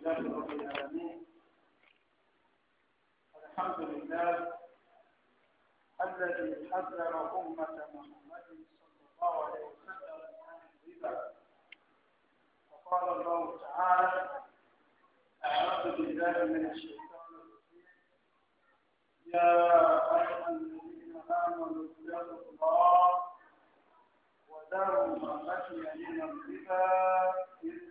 لله رب العالمين الحمد لله الذي حذر أمة محمد صلى الله عليه وسلم من الربا وقال الله تعالى أعوذ بالله من الشيطان الرجيم يا أيها الذين آمنوا اتقوا الله وذروا ما بقي من الربا إن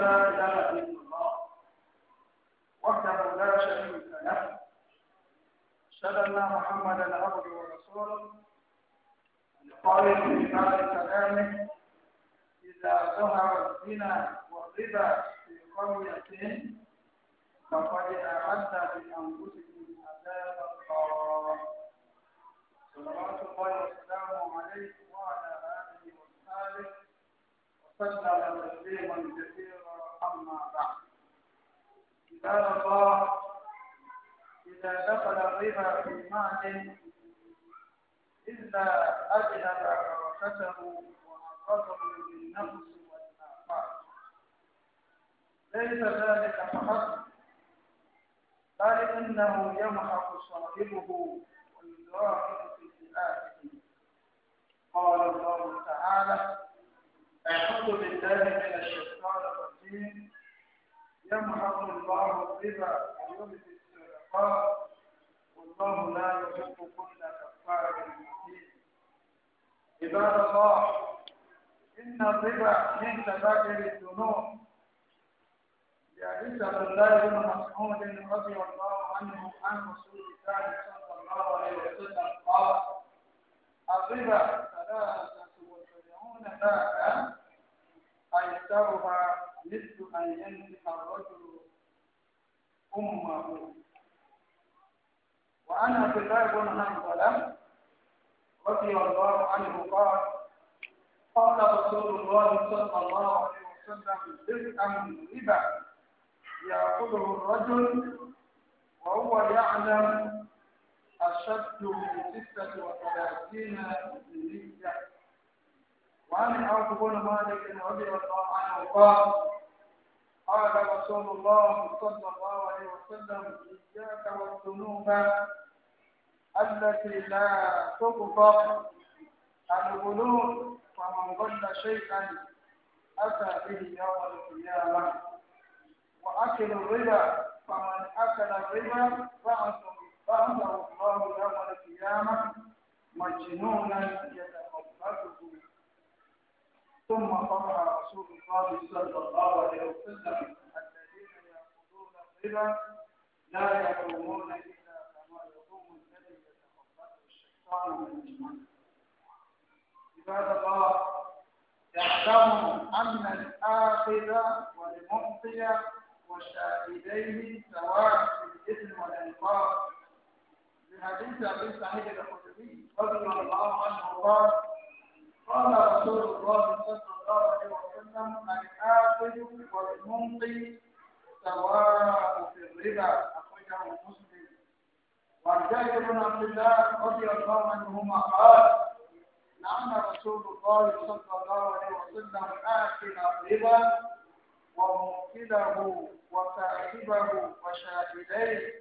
لا إله إلا الله وحده لا شريك له أشهد أن محمدا عبده ورسوله قال في كلامه إذا ظهر الزنا والربا في قرية فقد أعد بأنفسكم عذاب الله صلوات الله وسلامه عليه وعلى آله وصحبه وسلم تسليما كثيرا أما بعد عباد الله إذا دخل الربا في معدن إلا أجلب حركته وأنقذه بالنفس والآفاق ليس ذلك فقط بل إنه يمحق صاحبه ويراقب في سآته قال الله تعالى أعوذ بالله من الشيطان المسلمين يمحق الله الربا ويمحي الصدقات والله لا يحب كل كفار المسلمين عباد الله إن الربا من كبائر الذنوب لعيسى بن الله بن مسعود رضي الله عنه عن رسول الله صلى الله عليه وسلم قال الربا ثلاثة وسبعون باء أيسرها مثل أن ينكح الرجل أمه وعن كتاب الله حنظلة رضي الله عنه قال قال رسول الله صلى الله عليه وسلم درءا ربا يأخذه الرجل وهو يعلم أشد من ستة وثلاثين مليا وعن عوف بن مالك رضي الله عنه قال قال رسول الله صلى الله عليه وسلم إياك والذنوب التي لا تغفر الغلول فمن ضل شيئا أتى به يوم القيامة وأكل الربا فمن أكل الربا بعثه الله يوم القيامة مجنونا يتخبطه ثم قرأ رسول الله صلى الله عليه وسلم الذين يأخذون الربا لا يقومون إلا كما يقوم الذي يتخبطه الشيطان من الايمان عباد الله يعلم أن الآخذ والمعطي وشاهديه سواء في الاثم والإنقاذ لحديث أبي سعيد الخدري رضي الله عنه قال قال رسول الله صلى الله عليه وسلم الآكل والمنقي سواء في الربا أخرجه مسلم وعن جابر بن عبد الله رضي الله عنهما قال لعن نعم رسول الله صلى الله عليه وسلم آكل الربا وموكله وصاحبه وشاهديه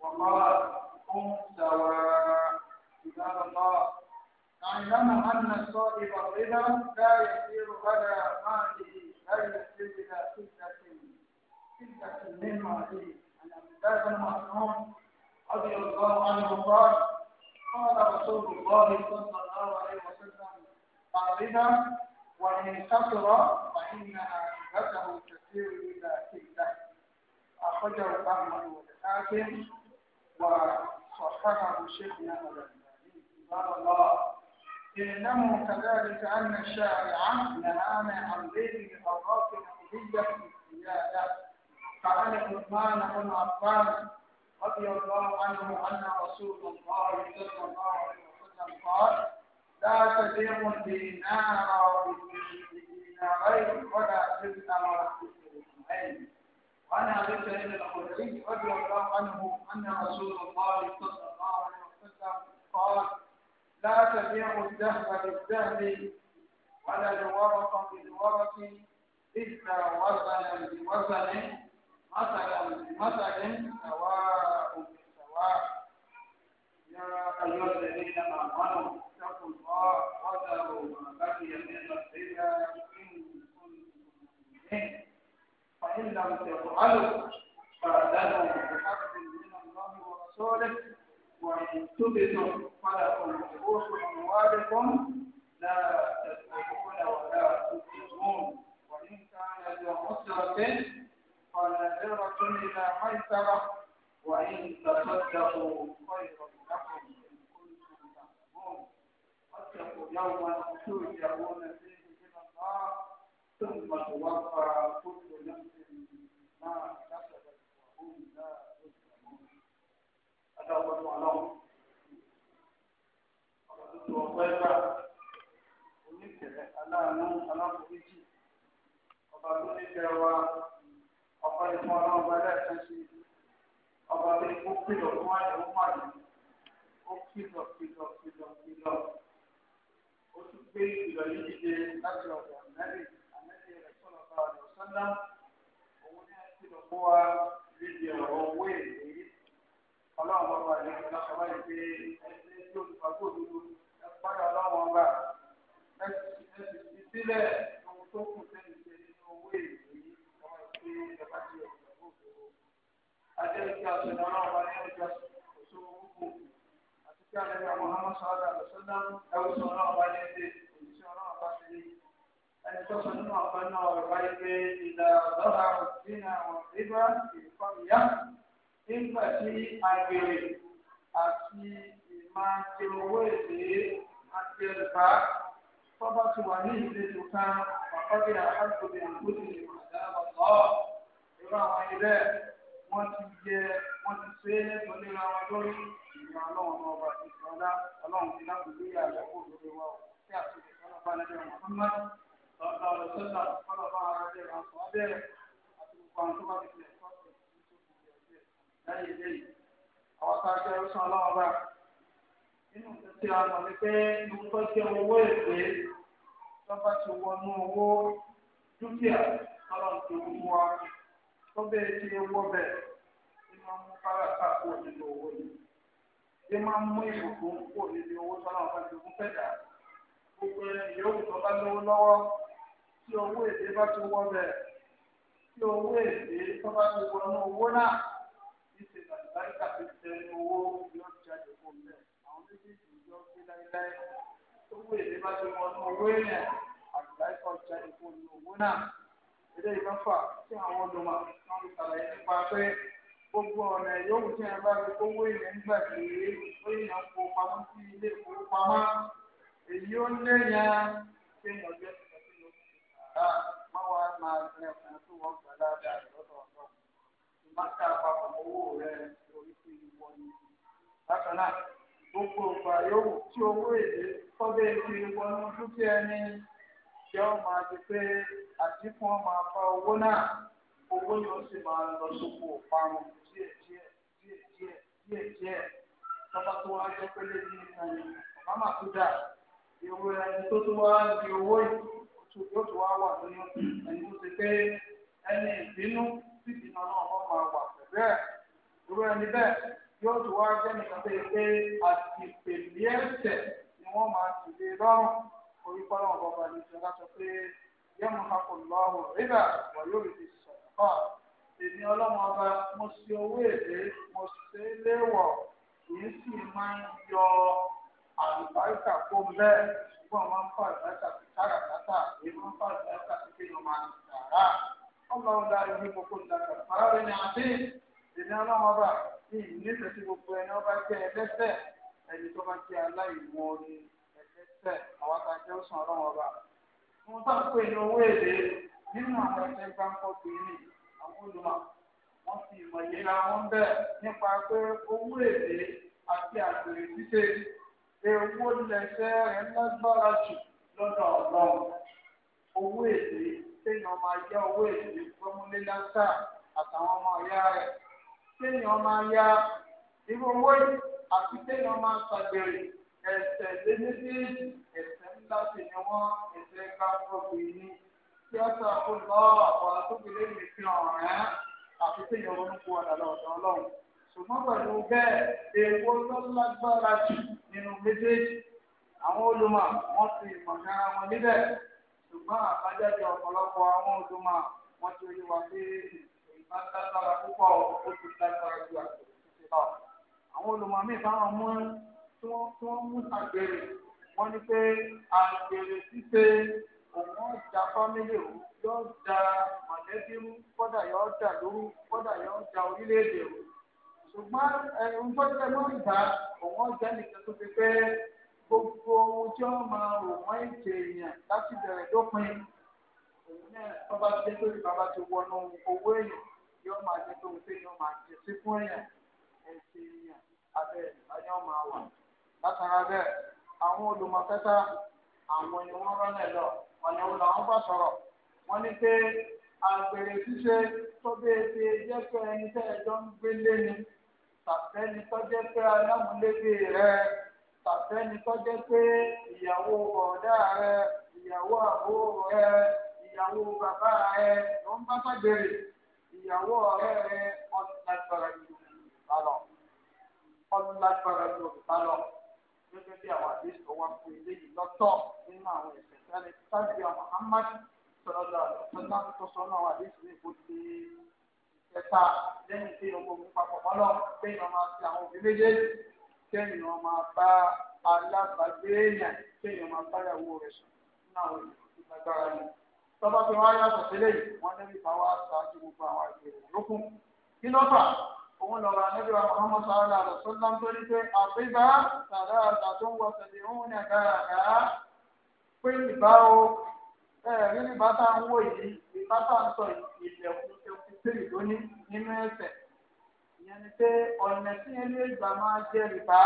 وقال هم سواء عباد الله اعلم يعني أن صاحب الربا لا يسير على ماله لا يسير إلى سلة سلة من ماله عن أبي الله بن مسعود رضي الله عنه قال قال رسول الله صلى الله عليه وسلم الربا وإن كثر فإنها عاقبته تسير إلى سلة أخرجه أحمد والحاكم وصححه شيخنا الألباني سبحان الله لأنه كذلك أن الشارع نهانا عن بيت الأوراق الحديدة في السيادة فعن عثمان بن عفان رضي الله عنه أن رسول الله صلى الله عليه وسلم قال لا تزيغ دينارا بدينارين ولا تبتمر بدرهمين وعن ابي سعيد الخدري رضي الله عنه ان رسول الله صلى الله عليه وسلم قال لا تبيع الدهر بالدهر ولا الورق بالورق إلا وزنا بوزن مثلا بمثل سواء بسواء يا أيها الذين آمنوا اتقوا الله وذروا ما بقي من الربا إن كنتم مؤمنين فإن لم تفعلوا فأذنوا بحق من الله ورسوله وإن تبدوا فلكم رؤوس أموالكم لا تسرقون ولا تبطلون وإن كان ذو عسرة فنذرة إلى ميسرة وإن تصدقوا خير لكم إن كنتم تعلمون واتقوا يوما ترجعون فيه إلى الله ثم توفى كل نفس ما كسبت وهم لا يظلمون. ọ̀pẹ́gbà oníkẹ̀ẹ́ aláàánú aláforíjì ọba tó nífẹ̀ẹ́ wa ọba ìfún ọlọ́ọ̀bá lẹ́ẹ̀kan sí ọba tó ikú kìlọ̀ fún àyẹ̀wò pàdé ó kìlọ̀ kìlọ̀ kìlọ̀ kìlọ̀ ó tún gbé ìkìlọ̀ yìí dìde láti ọ̀dọ̀ ànẹ́bì ànẹ́bì rẹ̀ sọ̀rọ̀ bá ọ̀dọ̀ sọ́dá òun ní kìlọ̀ fún wa níbi ọ̀rọ̀ owó èlé ọlọ́ọ̀bá wà ní ọ̀dọ̀ sọ́wọ́ ìgbé ẹgbẹ́ tí olùfàgbọ́ òdodo lọ́dọ̀ ọlọ́wọ́n bá ẹ̀sìn sílẹ̀ ohun tó kù sẹ́yìn ṣe nínú owó èlò yìí wọ́n ti ìjọba é ọ̀sẹ̀ gbogbo. Adé ìjọ sọ̀rọ̀ ọlọ́wọ́n bá ní ìjọ òṣòwò gbogbo àti kí alẹ́ àwọn ọmọ sọ̀rọ̀ àlọ́sọ́dá ẹ̀wọ̀n sọ̀rọ̀ ọlọ́wọ́n bá ní ilé òṣìṣẹ́ ọlọ́wọ́n bá ti rí. Ẹni tó sọ nínú ọ̀pẹ náà rẹ̀ báyìí pé ìlà ọ̀dọ́ra òsínà àwọn ìgbà ìfọ̀mìyá nígbà tí agbèrè àti ìmáa ti owó èlé àti ẹ̀rùbá tọ́ba ti wà ní ìletò kan àkọ́bí àkàtúndì àgbòdì ìmọ̀lára lọ́ irú àwọn ilé wọ́n ti jẹ wọ́n ti ṣe é lẹ́tọ̀ọ́ níra wọn lórí ìgbà ọlọ́run ọba ìgbàlá ọlọ́run ti láti gbé yàrá kó lórí wa ò sí àtúndì kan lọ́ba lẹ́jọ́ Muhammad lọ́ba ọ̀sọ́là kọ́lọ́ bá ara rẹ̀ rà sọ́ bẹ́ẹ̀ àti gbogbo àwọn tó bá ti tilẹ̀ kọ́ àwọn tá a jẹ́ ọ̀sán ọlọ́run báyìí nínú títí ọ̀nà ni pé ohun tó jẹ́ owó èlé lọ́ba ti wọnú owó dúkìá lọ́rọ̀ tó wú wa tó bẹ́ẹ̀ ti wọ́ bẹ̀ ní máa mú báràkà kó nínú owó yìí ní máa mú ìbùkún kó nínú owó tọ́lá ọ̀gá ti mú fẹ́dà gbogbo ìyókù tó bá lówó lọ́wọ́ tí owó èlé bá ti wọ́ bẹ̀ tí owó èlé tó bá ti wọnú owó náà ní ṣe báyìí kàfi tẹ owó yóò jáde fún bẹ́ẹ̀ owó èlé bá ti wọnú owó èèyàn àgbáyọ̀ jáde fún owó náà ilé ìfẹ́fà tí àwọn ọdọ̀mà wọn ṣàlàyé nípa pé gbogbo ọ̀nà ìyókù tí wọn bá fi owó èèyàn gbà pé ó yàn kó pamọ́ sí ilé ìfowópamọ́ èyí ó léyàn pé yàn jẹ́ ìfẹ́sí ló fi ṣàrà má wàá máa rẹ ọ̀kan tó wọ́n gbà dáadáa lọ́dọ̀ ọ̀dọ̀ ìmáta àpapọ̀ owó rẹ̀ orí sí ìwọ ni bákan náà. gbogbo ọgbà yòówù tí owó èlé tọ́bẹ̀ ti wọnú dúkìá ẹni jẹ́ ọmọ àti pé àdínkù ọmọ àfa owó náà owó yóò sì máa lọ sóko díẹ̀ díẹ̀ díẹ̀ díẹ̀ díẹ̀ díẹ̀ tọ́ba tó wá jẹ́ pé nìkan ni tó dà ìwé ẹni tó tó wá di owó yìí yóò tó wá wà ẹni tó ti pé ẹni ìbínú náà wọ́n yóò tún wá jẹ́ nìkan tó yẹ pé àti pèlè ẹ̀sẹ̀ ni wọ́n máa ti lè lọ́rùn orúkọ náà bọ́ba ní ìjọba sọ pé yẹ́mu kakò lọ́wọ́ rírà wọ́n yóò rí sọ̀rọ̀ náà èmi ọlọ́run ọba mo ṣe owó èlé mo ṣe é léwọ̀ kìí sì máa ń yọ àlùbáríkà kó bẹ́ẹ̀ ṣùgbọ́n máa ń fọ àlùbáríkà sí káràkátà èyí máa ń fọ àlùbáríkà sí kéèyàn máa ń sàrà ọlọ́run dáa yìí kókó ìdàgbàsókè rẹ̀ ní àdéhùn èmi ọlọ́run ní ìnífẹ̀ẹ́ sí gbogbo ẹni ọba jẹ́ ẹlẹ́ṣẹ̀ ẹni tó bá jẹ́ aláìwọ ni ẹlẹ́ṣẹ̀ àwọn àtàjẹ́ ó sàn ọlọ́run ọba. mo bá ń pè ní owó èlé nínú àwọn ẹgbẹ́ gbáǹkọ́ bìíní àwọn olùmọ̀ wọ́n fi ìmọ̀ ìlera wọn bẹ̀ nípa pé owó èlé àti àgbèrè ṣíṣe ewu lẹ́sẹ̀ rẹ̀ lágbára jù lọ́dọ̀ ọlọ́run owó èlé téèyàn máa yá owó èlé gbọ́múlé lásà àtàwọn ọmọ ọ̀yá rẹ̀ kéèyàn máa ya irú owó yìí àti kéèyàn máa ṣàgbèrè ẹ̀ṣẹ̀ lé méjèèjì ẹ̀ṣẹ̀ ńlá sì ni wọ́n ẹ̀ṣẹ̀ ká gbogbo ìní tí ó sọ kó lọ àwọn àtúgbìlẹ̀ mi fi hàn rẹ́ àti kéèyàn ronúkú ọ̀dà lọ́dọ̀ ọlọ́run ṣùgbọ́n pẹ̀lú bẹ́ẹ̀ èèwọ̀ ló lágbára jù nínú méjèèjì àwọn olùmọ̀ wọ́n ti ìmọ̀nà wọn níbẹ̀ ṣùgbọ́n àbájáde ọ̀pọ̀lọpọ̀ àwọn olùmọ̀ wọ́n ti rí wa pé máa ń lágbára púpọ̀ ó ti lágbára ju àgbèrè títí náà. àwọn olùmọ̀mí báwọn mú tí wọ́n mú àgbèrè wọ́n ní pé àgbèrè ṣíṣe òun ọjà fámílì rú yóò da mọ̀lẹ́bí rú kódà yóò da lóru kódà yóò da orílẹ̀-èdè rú. ṣùgbọ́n ẹ̀rù tó tẹ mọ́ ìgbà òun ọjà nìkan tó fi pé gbogbo ohun tí wọ́n máa rò wọ́n ètò èèyàn láti bẹ̀rẹ̀ dópin òun náà tó dé pé bàbá ti wọnú owó èèyàn yóò máa jẹ́ tó ń pè yóò máa jẹ́ sí fún èèyàn ẹ̀sìn èèyàn abẹ́ ìbáyọ̀ máa wà. látara bẹ́ẹ̀ àwọn olùmọ̀kẹ́ta àwọn ni wọ́n rán lẹ̀ lọ ọ̀nà òun làwọn bá sọ̀rọ̀ wọ́n ní pé àgbèrè ṣíṣe tó bẹ́ẹ̀ ṣe jẹ́ pé ẹni tẹ́ ẹ jọ ń gbélé ni tàbẹ́ni tó jẹ́ pé alámúlégbè rẹ tàbẹ́ni tó jẹ́ pé ìyàwó ọ̀dá rẹ ìyàwó àbúrò rẹ ìyàwó bàbá rẹ ló ń bá sàgbèrè ìyàwó ọ̀rẹ́ rẹ ọdún lágbára ju òkúta lọ ọdún lágbára ju òkúta lọ gẹ́gẹ́ bí àwọn àdéhùn wa fún eléyìí lọ́tọ̀ nínú àwọn ẹ̀sẹ̀ sáré sábìá Muhammad sọlọ́dọ̀ àlọ́sọ́lá tó sọ náà wà déhùn ní ìbòdì kẹta lẹ́yìn tí ọkọ̀ òun papọ̀ mọ́lọ́ kéèyàn máa ti àwọn òbí méjèèjì kéèyàn máa bá alábàgbé èèyàn kéèyàn máa báyàwó rẹ̀ sùn nínú àwọn ìgbàgbára yìí tọ́ba tí wọ́n á yàtọ̀ sílẹ̀ yìí wọ́n débi fáwọn aṣáájú gbogbo àwọn ìgbèrè lókun kí ló fà òun lọ́rọ̀ anábì wa Muhammad sallallahu alaihi wasallam tó ní pé àbíbá sàrà àtàtúnwọ̀ tẹ̀lé òun ní àgàràgà pé ìbá o ẹ̀rí ní bàtà ń wò yìí ìbá tà ń sọ ìlẹ̀kùn ẹ̀kú tèlè lóní nínú ẹ̀sẹ̀ ìyẹn ni pé ọ̀nà tí ilé ìgbà máa jẹ́ rìbá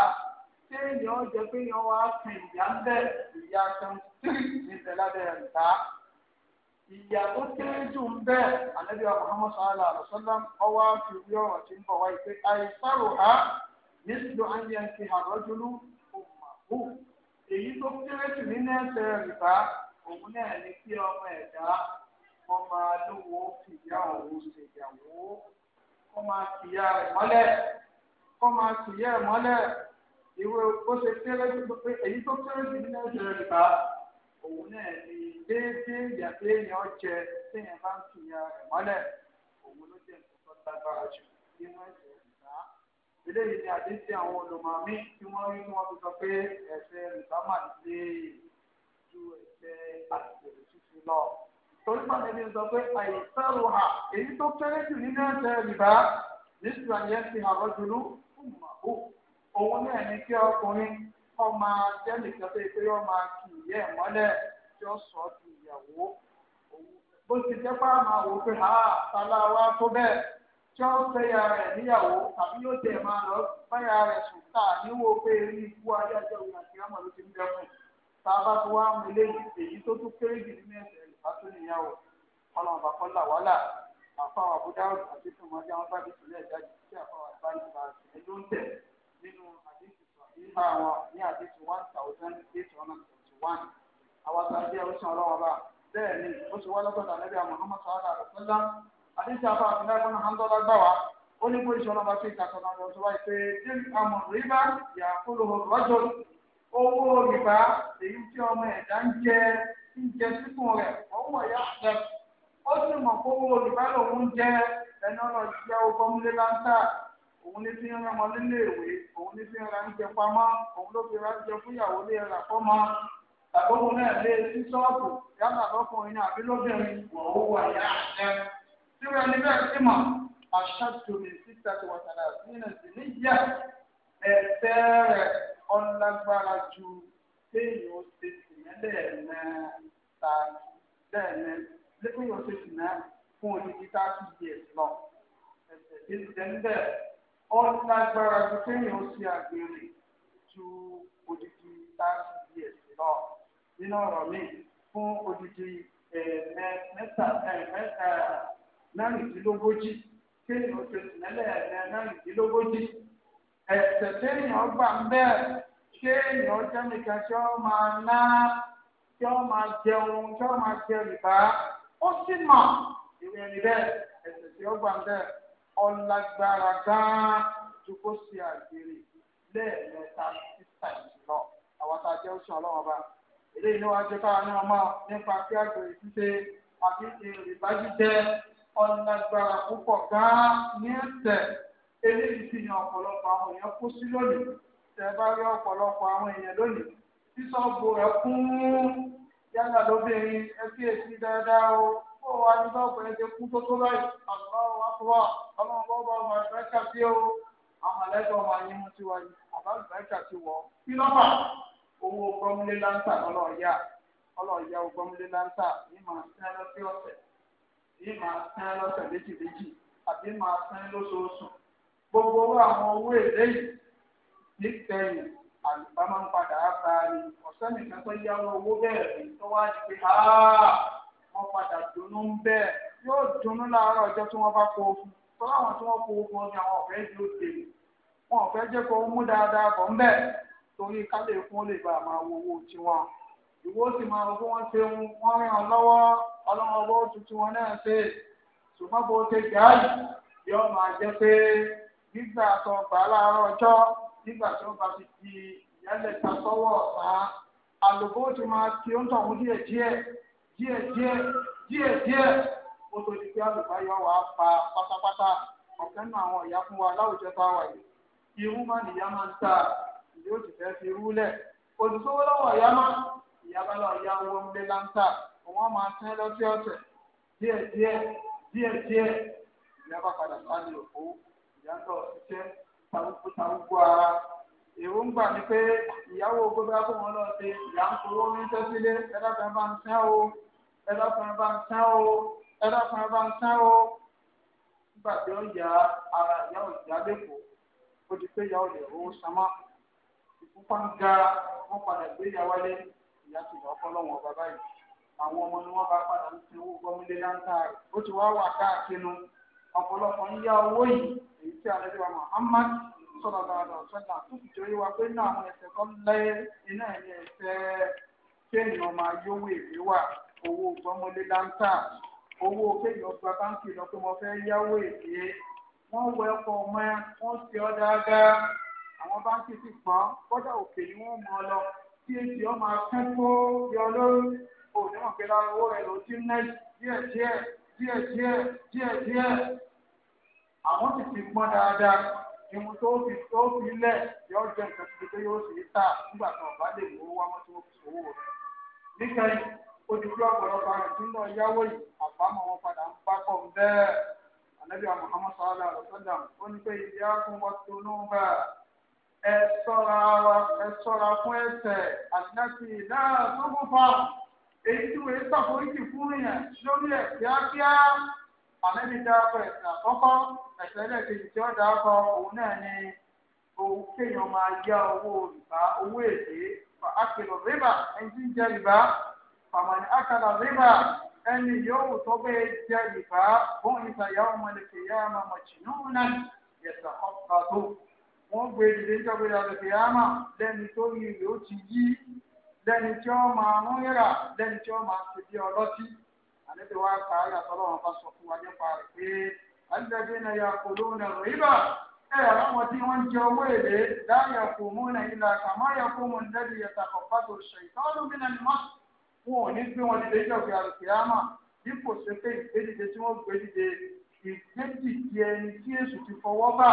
ṣé èèyàn jẹ́ pé èèyàn wá pè ìyá ń bẹ̀ ìyá tẹ̀wọ̀n tìrì níbẹ̀ ìyà tó kéré jù ń bẹ ànábìyà muhammad sallallahu alaihi wa sallam ọwọ́ àfìwé ọ̀rọ̀ tí ń bọ̀ wáyé pé àìsàrò ha nísìlò anyan ti àrọ́júlú òmàbù èyí tó kéré jù nínú ẹsẹ̀ rìbá òun náà ní kí ọmọ ẹ̀dá wọn máa lówó fìyà òun ṣèyàwó kọ́ máa fìyà rẹ̀ mọ́lẹ̀ kọ́ máa fìyà rẹ̀ mọ́lẹ̀ ìwé ó ṣe kéré jù pé èyí tó kéré jù nínú ẹsẹ̀ rìbá òun náà ni déédéé ìyà téèyàn jẹ téèyàn bá ń tìyàn rẹ̀ mọ́lẹ̀ òun ló jẹ́ nǹkan tó lágbára jù nínú ẹ̀sẹ̀ ìgbà eléyìí ni àdéhùn àwọn olùmọ̀mí tí wọ́n rí wọn fi sọ pé ẹ̀sẹ̀ ìgbàmà lè ju ẹ̀sẹ̀ àtìgbèrè tuntun lọ torí pàdé mi sọ pé àìsàrò hà èyí tó kéré jù nínú ẹ̀sẹ̀ ìgbà nítorí àyẹ̀sìn àrọ́jùlú fún màbò òun náà ní kí ọkùnrin kọ́ máa jẹ́ nìkan tó yẹ pé yọ́ máa kì í yẹ mọ́lẹ̀ tí ó sọ ọ́ di ìyàwó bó ti jẹ́ pé àmà wò pé ha tala wa tó bẹ́ẹ̀ tí ó ń fẹ́yà rẹ̀ níyàwó tàbí yóò tẹ̀ máa lọ báyà rẹ̀ sùn tà níwò pé eré ikú ayájọ́ ìyá kí á mọ̀ ló ti ń dẹ́kun tá a bá ti wá mú eléyìí èyí tó tún kéré jù nínú ẹ̀sẹ̀ ìbá tó nìyàwó ọlọ́run bá là wàhálà àfàwà àbúdá àti fún ọmọdé àwọn bá nípa àwọn ní àdéhùn one thousand eight hundred and twenty one àwọn àtàjẹ́ oṣù ọlọ́wọ́ bá bẹ́ẹ̀ ni ó ti lọ́sọ̀dọ̀ àlẹ́bíà Muhammad sallallahu alaihi wa sallam àdéhùn àbá àfihàn ìbọn hàndọ́lá gbà wá ó ní bóyá ìṣọ́nà bá fi ìtàkùnà lọ sọ wáyé pé jim amọ̀ rìbá yà kúlò rọ́jò owó rìbá èyí tí ọmọ ẹ̀dá ń jẹ ń jẹ síkùn rẹ̀ ọwọ́ ya ṣẹ ó sì mọ̀ kówó rìbá lòun jẹ ẹni ọ̀nà òun ní fi ń rán ọmọ nílé ìwé òun ní fi ń ra oúnjẹ pamọ́ òun ló fi ránṣẹ fúyàwó lé ẹ̀rà fọ́mọ àbókù náà lé sí ṣọ́ọ̀bù yálà lọ́kùnrin àbí lóbìnrin wọ̀ọ́ wà yá àṣẹ. síbẹ̀ níbẹ̀ sí mọ̀ àṣàtò mi síta tó wà tàdà nínú ìdílé yẹ ẹ̀fẹ́ rẹ̀ ọlágbára ju téèyàn ó ṣe tìmẹ́lẹ̀ náà tààtì lẹ́ẹ̀mẹ́ lẹ́kùn yóò ṣe tìmẹ́ fún odidi tá a ti di ẹ̀sìn lọ. ẹ̀sẹ̀ ó lágbára ju kéèyàn ó ṣe àgbèrè ju odidi thirty years lọ nínú ọ̀rọ̀ mi fún odidi mẹ́ta mẹ́ta mẹ́rìndínlógójì kéèyàn ó ṣe sílẹ̀ mẹ́rìndínlógójì ẹ̀sẹ̀ kéèyàn gbà ń bẹ́ẹ̀ kéèyàn jẹ́nìkan tí ó máa ná tí ó máa jẹun tí ó máa jẹ rìbá ó sì mọ̀ ìrìn ẹ̀rí bẹ́ẹ̀ ẹ̀sẹ̀ tí ó gbà ń bẹ́ẹ̀ ọlágbára gáà ju kó ṣe àgbèrè lẹ́ẹ̀mẹ́ta sísà ìṣúná àwọn tá a jẹ́ oṣù ọlọ́run ọba eléyìí ló wá jẹ́ káwa ní ọmọ nípa kí àgbèrè ṣíṣe àbí ìrìbá jíjẹ ọlágbára púpọ̀ gáà ní ẹ̀sẹ̀ eléyìí ti yan ọ̀pọ̀lọpọ̀ àwọn èèyàn kó sí lónìí tẹ̀ bá rí ọ̀pọ̀lọpọ̀ àwọn èèyàn lónìí sísọ́ọ̀bù rẹ̀ kún yálà lóbìnrin ẹ kíyèsí dáadáa o kó o wá ní bá ọkùnrin ṣe kú tó tó báyìí àlọ́ wa. àkùrọ̀ ọlọ́run bọ́ bá ọmọ ìfẹ́kà sí o àwọn ẹlẹ́gbẹ́ ọmọ ayé mú síwájú àbá ìfẹ́kà sí wọ́ kí lọ́pàá owó gbọ́múlé láńtà ọlọ́ọ̀yà ọlọ́ọ̀yà láńtà yìí máa lọ́sẹ̀ ọ̀sẹ̀ yìí máa lọ́sẹ̀ àbí máa gbogbo owó àwọn owó èlé yìí padà á ní ní yóò dunnú láàárọ̀ ọjọ́ tí wọ́n bá kó o fún tí wọ́n kó fún ọjà ọ̀fẹ́ ju òde wọn ọ̀fẹ́ jẹ́ kó mú dáadáa bọ̀ ńbẹ̀ torí fún ó lè bá a máa wo owó tiwọn sì máa ṣe ń wọ́n ràn lọ́wọ́ ọlọ́run ọgbọ́ tuntun wọn náà ṣe ṣùgbọ́n bó ṣe máa jẹ́ pé nígbà tó bá láàárọ̀ ọjọ́ nígbà tó bá ti di ó tó di pé àlùbáyọ̀ wà á pa pátápátá ọ̀kẹ́ nù àwọn ìyá fún wa láwùjọ tá a wà yìí irú má nìyá máa ń ta yóò sì fẹ́ fi irú lẹ̀ olùsówó lọ́wọ́ ìyá má ìyá bá lọ ya owó ńlé láńtà òun máa tẹ́ lọ́sẹ̀ ọ̀sẹ̀ díẹ̀ díẹ̀ díẹ̀ díẹ̀ ìyá bá padà sáré òkú ìyá ń lọ ṣiṣẹ́ tàwùkú tàwùkú ara èròǹgbà ni pé ìyàwó gbogbo kó wọn lọ sí ìyá ń kó ní sẹ́sílẹ̀ ẹ̀dá kan bá ń tẹ́ o ẹ̀dá kan bá ń tẹ́ o. ẹ̀rọ kan bá ń sán ó nígbà tí ó yà ara ìyá òjá lẹ́kọ̀ọ́ ó ti pé ìyá òjá owó samá ìfúnpá ń ga padà gbé ìyá wálé ìyá ti lọ ọkọ lọ́wọ́ bàbá yìí àwọn ọmọ ni bá padà ń sin owó ó ti wá wà káàkiri ń yá owó yìí Muhammad sọ̀rọ̀ dáadáa tó fi jẹ́ wa pé náà àwọn ẹ̀sẹ̀ lẹ́ iná ẹ̀yẹ ẹ̀sẹ̀ wà owó owó kéèyàn gba báńkì lọ pé mo fẹ́ yáwó èké wọ́n wọ ẹ̀kọ́ ọmọ ẹ wọ́n ṣe ọ́ dáadáa àwọn báńkì ti pọ́n kọ́dà òkè ni wọ́n mọ ọ lọ tí èsì ọmọ akẹ́kọ̀ọ́ yọ lórí òní mọ̀ pé lára owó rẹ̀ ló ti ń ná díẹ̀ díẹ̀ díẹ̀ díẹ̀ díẹ̀ díẹ̀ àwọn ti ti pọ́n dáadáa ìwọ̀n tó fi tó fi lẹ̀ yọ jẹ́ nǹkan tuntun tó yóò ṣe é tà nígbà tó ọ̀bá ó ti fi ọ̀pọ̀lọpọ̀ àwọn ìtúndọ̀ yáwó yìí àbámọ̀ wọn padà ń bá pọ̀ ń bẹ́ẹ̀ ànábì Muhammad sallallahu alaihi wa sallam ó ní pé ìyá fún wọn tó ló ń bá ẹ sọ́ra ẹ sọ́ra fún ẹsẹ̀ àtìláṣí náà tó kún fa èyí tí wòye sàforíjì fún yẹn lórí ẹ̀ kíákíá ànábì dáàbọ̀ ẹ̀sẹ̀ àkọ́kọ́ ẹ̀sẹ̀ ẹlẹ́kejì tí ó dáàbọ̀ òun náà ni òun kéèyàn máa yá owó rìbá owó èdè àkèlò rìbá ẹni tí ń jẹ rìbá pàmàní àkàlà rírà ẹni yòówù tó bẹ́ẹ̀ jẹ́ ìbá fún ìtàyà ọmọlẹ́kẹ̀ yá máa mọ̀ jìnnú náà yẹ̀sà ọ̀pá tó. wọ́n gbé ìdílé ìjọba ìdàlùkẹ̀ yá máa lẹ́ni tó ní ìlú ti yí lẹ́ni tí ó máa ń rírà lẹ́ni tí ó máa ti bí ọlọ́tí. àlejò wa kà á lọ́wọ́ bá sọ fún wa nípa rẹ̀ pé àlejò náà yà kó lóun náà rírà àwọn tí wọ́n jẹ owó èlé láyà kò mú wọn ò ní gbé wọn dìde jọ̀gbẹ́ àlùkìyàmà bí kò ṣe pé ìgbédìde tí wọ́n gbédìde ìgbédìde ẹni tí èṣù ti fọwọ́ bà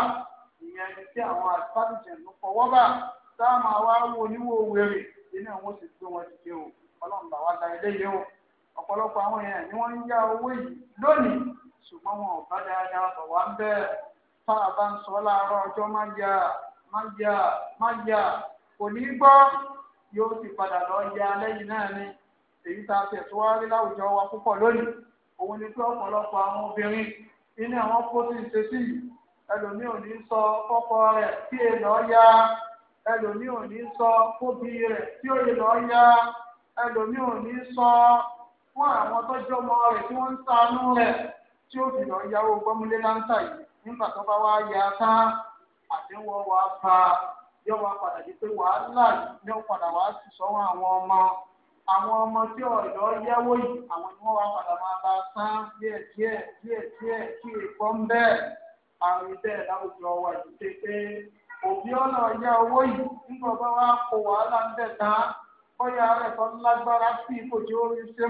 ìyẹn ẹni tí àwọn àtúbàtìjẹ̀ ló fọwọ́ bà táwọn àwa wo oníwò wèrè nínú àwọn sì gbé wọn dìde o ọlọ́run bá wa da ilé yìí o ọ̀pọ̀lọpọ̀ àwọn èèyàn ni wọ́n ń yá owó yìí lónìí ṣùgbọ́n wọn ò bá dáadáa bọ̀ wá ń bẹ́ẹ̀ tá a bá ń sọ láàárọ̀ ọjọ́ má yá má yá má yá kò ní gbọ́ yóò sì padà lọ ya lẹ́yìn náà ni. èyí tá a tẹ̀ tó wá rí láwùjọ wa púpọ̀ lónìí òun ni pé ọ̀pọ̀lọpọ̀ àwọn obìnrin inú àwọn kó tí ń ṣe sí ẹlòmíì ò ní sọ fọ́kọ rẹ̀ kí e lọ́ọ́ yá ẹlòmíì ò ní sọ rẹ̀ kí ó lọ́ọ́ yá ẹlòmíì ò ní sọ fún ọmọ rẹ̀ tí wọ́n ń rẹ̀ tí ó fi àwọn ọmọ tí ọ̀dọ́ yẹ́wò yìí àwọn ni wọ́n wá padà máa bá sán díẹ̀ díẹ̀ díẹ̀ díẹ̀ kí èkó ń bẹ́ẹ̀ àrùn ìbẹ́ẹ̀ láwùjọ wa yìí òbí ọ̀nà yẹ owó yìí nígbà bá wá kó wàhálà ń bẹ̀ tán bóyá rẹ̀ lágbára sí ipò tí ó rí ṣe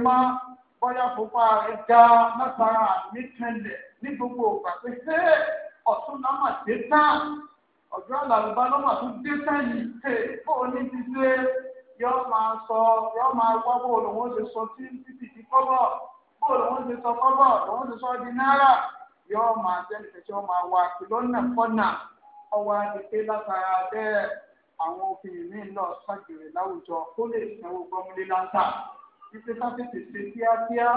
yọ máa sọ yọ máa gbọ́ bó lòun ṣe sọ tí títì ti kọ́bọ̀ bó lòun ṣe sọ kọ́bọ̀ lòun ṣe sọ di náírà yọ máa jẹ́ni tẹ̀sí ọwọ́ látara bẹ́ẹ̀ àwọn lọ láwùjọ kó lè sanwó láńtà títí kíákíá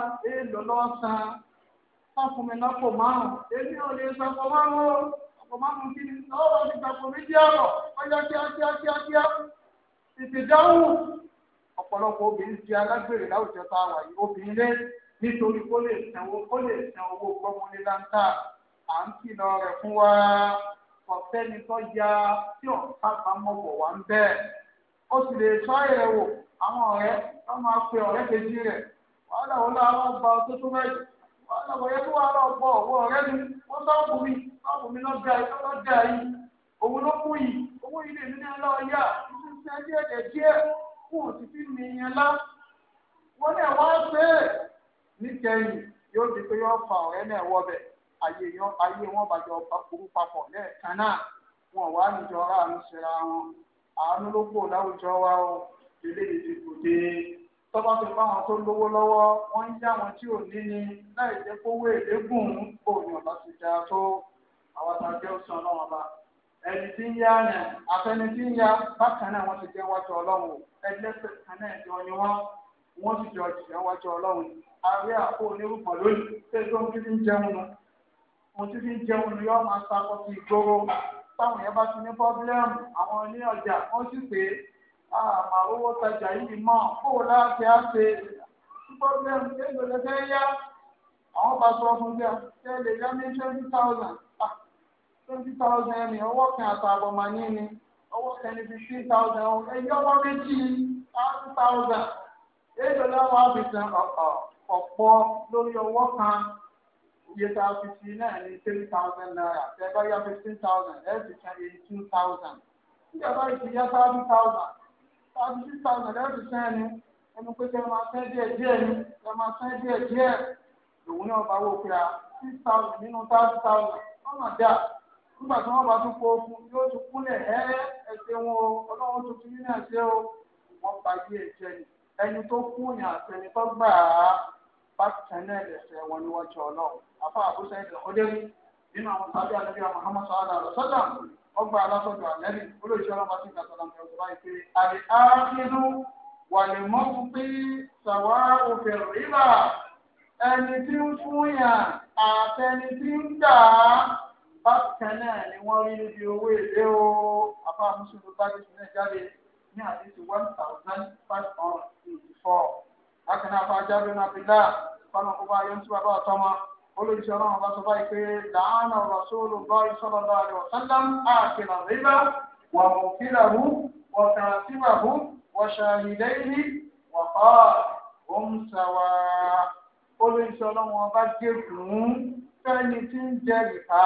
márùn èmi ò lè márùn márùn kí ni ìtìjáwù ọ̀pọ̀lọpọ̀ obìnrin ti alágbèrè láwùjọ tá a wà yìí obìnrin lé nítorí kó lè san owó kó lè san owó gbọ́mọlé láńtà à ń kìlọ̀ rẹ̀ fún wa ọ̀sẹ́ni tó ya tí ọ̀sá pamọ́pọ̀ wà ń bẹ́ẹ̀ ó sì lè sọ àyẹ̀wò àwọn ọ̀rẹ́ wọ́n máa pe ọ̀rẹ́ kejì rẹ̀ wàhálà wọn làwọn gba ọtún tó mẹ́jọ wàhálà wọn yẹ kí wàá lọ bọ ọwọ́ ọ̀rẹ́ mi wọ́n sọ́ọ̀bù mi sọ́ọ̀bù mi lọ́jà yìí òun ló mú yìí owó ilé mi ní ọlọ́ọ̀yà ṣe díẹ̀ dẹ̀ díẹ̀ fún òtítí mi yẹn lá wọ́n náà wá pé e. níkẹyìn yóò di pé yóò fa ọ̀rẹ́ náà wọ́bẹ̀ ayé wọn bàjọ́ burú papọ̀ lẹ́ẹ̀kan náà wọn wà níjọ ara mi ṣera wọn àánú ló kù láwùjọ wa o eléyìí ti kù dé tọ́ba tó fáwọn tó lówó lọ́wọ́ wọ́n ń yá wọn tí ò ní ni láì jẹ́ kówó èlé gùn ún òyìnbó ti dáa tó àwọn tá a jẹ́ náà wọn bá ẹni tí ń yá ni àfẹni tí ń yá bákan náà wọ́n ti jẹ́ wájú ọlọ́run ẹlẹ́sẹ̀ kan náà jọ ni wọ́n wọ́n ti jọ jẹ́ wájú ọlọ́run àrí àpò onírúkọ lónìí pé tó ń títí ń jẹun nu òun títí ń jẹun nu yóò máa sakọ sí ìgboro táwọn yẹn bá ti ní pọ́blẹ́mù àwọn ní ọjà wọ́n sì pé àmà owó tajà yìí mọ́ kó o láti á ṣe pọ́blẹ́mù kéde lẹ́fẹ́ yá àwọn bá sọ fún bí a ṣe lè yá ní twenty thousand twenty thousand ni ọwọ́ kan àtààbọ̀ mà ní ni ọwọ́ kan ní fifteen thousand ọ̀hún ẹ̀yìn ọwọ́ méjì thirty thousand eight dollar lọ́wọ́ àbìsàn ọ̀pọ̀ lórí ọwọ́ kan iye tá a fi sí náà ní three thousand naira tẹ́ bá yá fifteen thousand ẹ̀ sì san eighty two thousand níjọba ìṣìyá thirty thousand thirty six thousand ẹ̀ sì san ẹni ẹnu pé kẹ́ ẹ máa san díẹ̀ díẹ̀ ni ẹ máa san díẹ̀ díẹ̀ lòun náà bá wò pé a six thousand nínú thirty thousand ọ̀nà dáa nígbà tí wọ́n bá tún kó okun yóò tún kúnlẹ̀ ẹ́ ẹsẹ̀ wọn o ọlọ́run tó fi nínú ẹsẹ̀ o wọ́n pa bí ẹ̀jẹ̀ ni ẹni tó kú yàn àtẹni tó gbà á bákan náà ẹsẹ̀ wọn ni wọ́n jọ ọlọ́run àfa àbúṣe ẹ̀jẹ̀ ó dẹ́rù nínú àwọn sábẹ́ àlẹ́bí àwọn Muhammad sallallahu alaihi wasallam ọgbà alásọ̀dọ̀ àlẹ́bí olóòṣèlú ọba tí kàtàlà ń bẹ̀rù báyìí pé àlè ákínú wàlè mọ́tò pé sàwá òfin rírà ẹni tí ń fún yàn àtẹni tí ń gbà á bákan náà ni wọ́n rí níbi owó èlé o àbá mùsùlùmí bájú sí náà jáde ní àdéhùn one thousand five hundred eighty four bákan náà bá jáde náà fi dá fọlọ́n kó bá yọ sí bàbá àtọ́mọ olùsọ náà bá sọ báyìí pé làánà rọ̀ṣọ́lù báyìí sọ̀rọ̀ náà lọ sálám àkìlà rírà wà mọ̀kìlà hù wà kàràtìmà hù wà ṣàhìlẹ́yìn wà fà ó ń sàwà bá gé fẹ́ni tí ń jẹ ìhà.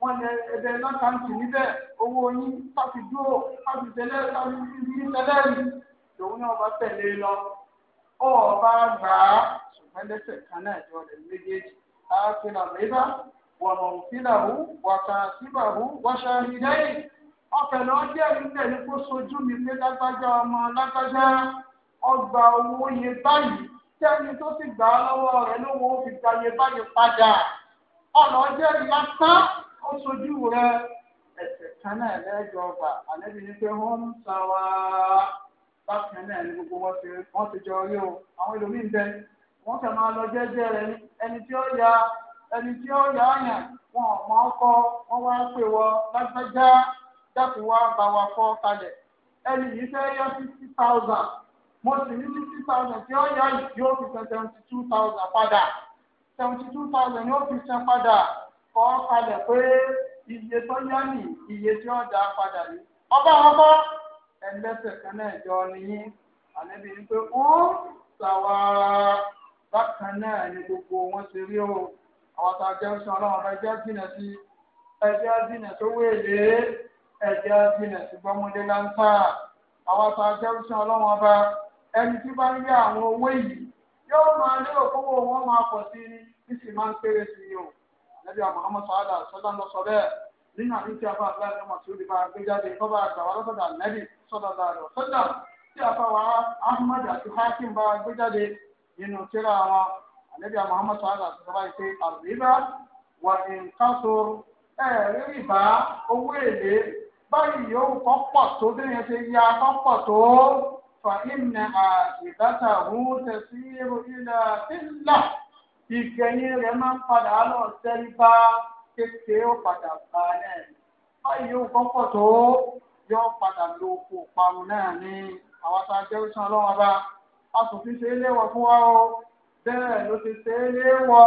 wọ́n lẹ ẹbẹ lọ́tàǹtì níbẹ̀ owó yín fáfi dúró fáfi tẹ́lẹ̀ fáfi tẹ́lẹ̀ tẹ́lẹ̀ rí lòun náà bá tẹ̀lé e lọ ó ọba gbà á ṣùgbọ́n lẹ́sẹ̀ kan náà jọ rẹ̀ méjèèjì á fi là rẹ́bà wọ̀nà òfìlàwù wàtà síbàwù wàṣà ìdáyì ọ̀fẹ́ lọ jẹ́ ìtẹ̀lé kó sojú mi pé lágbájá ọmọ lágbájá ọgbà owó yẹ báyìí tẹ́ni tó sì gbà á lọ́wọ́ rẹ̀ lówó fi gbà yẹ báyìí padà ọ̀nà ọjọ́ ìlà tán ó sojú rẹ ẹsẹ̀ kan náà lẹ́jọ́ ọgbà àlẹ́bí ni pé wọ́n ń sa wa bákan náà ní gbogbo wọn ti wọ́n ti jọ rí o àwọn ẹlòmíín bẹ wọ́n fẹ́ máa lọ jẹ́jẹ́ rẹ ẹni tí ó ya ẹni tí ó yà á yàn wọn ò mọ ọkọ wọn wá pè wọ lágbájá dákun wá bá wa kọ́ kalẹ̀ ẹni yìí fẹ́ yá fifty thousand mo sì ní fifty thousand tí ó yá yìí yóò fi san seventy two thousand padà seventy two thousand yóò fi san padà kọ́ kalẹ̀ pé iye tó yá nì iye tí ó dá padà ní. ọba ọkọ ẹlẹ́sẹ̀ kan náà jọ nìyí àlẹ́bí ni pé wọ́n ṣàwà bákan náà ni gbogbo wọn ṣe rí o àwọn tá a jẹ́ sọ ọlọ́run ọba ẹjẹ́ jìnà sí ẹjẹ́ jìnà sówó èlé ẹjẹ́ jìnà sí gbọ́mọdé láńtà àwọn tá a jẹ́ sọ ọlọ́run ọba ẹni tí bá ń yá àwọn owó yìí yóò máa lérò kówó wọn máa pọ̀ sí ní sì máa ń kéré sí i o. Nabi Muhammad sọ́dà sọ́dà lọ sọ bẹ́ẹ̀ nínú àdìsí afọ àbúrò àti ọmọ tí ó di bá gbé jáde kọ́ba àgbàwá lọ́sọ̀dà ànábì sọ́dà lọ sọ́dà tí afọ wa Ahmad àti Hakim bá gbé jáde nínú tíra wọn ànábì Muhammad sọ́dà sọ́dà ìpè àbíbá wà nǹkanṣó ẹ̀ẹ́rì ìbá owó èlé báyìí yóò kọ́ pọ̀ tó bẹ́yẹn ṣe ya kọ́ pọ̀ tó fa ìnà àìbátà òun tẹ̀síìrù ilà ìgbẹ̀yìn rẹ̀ máa ń padà lọ sẹ́rí bá kékeré ó padà bá náà ní. báyìí yóò kọ́kọ́ tó yọ padà lo oko parun náà ní àwọn tá a jẹ́ òṣìṣẹ́ ọlọ́wọ́n bá a sì fi ṣe é léwọ̀ fún wa o bẹ́ẹ̀ ló ti ṣe é léwọ̀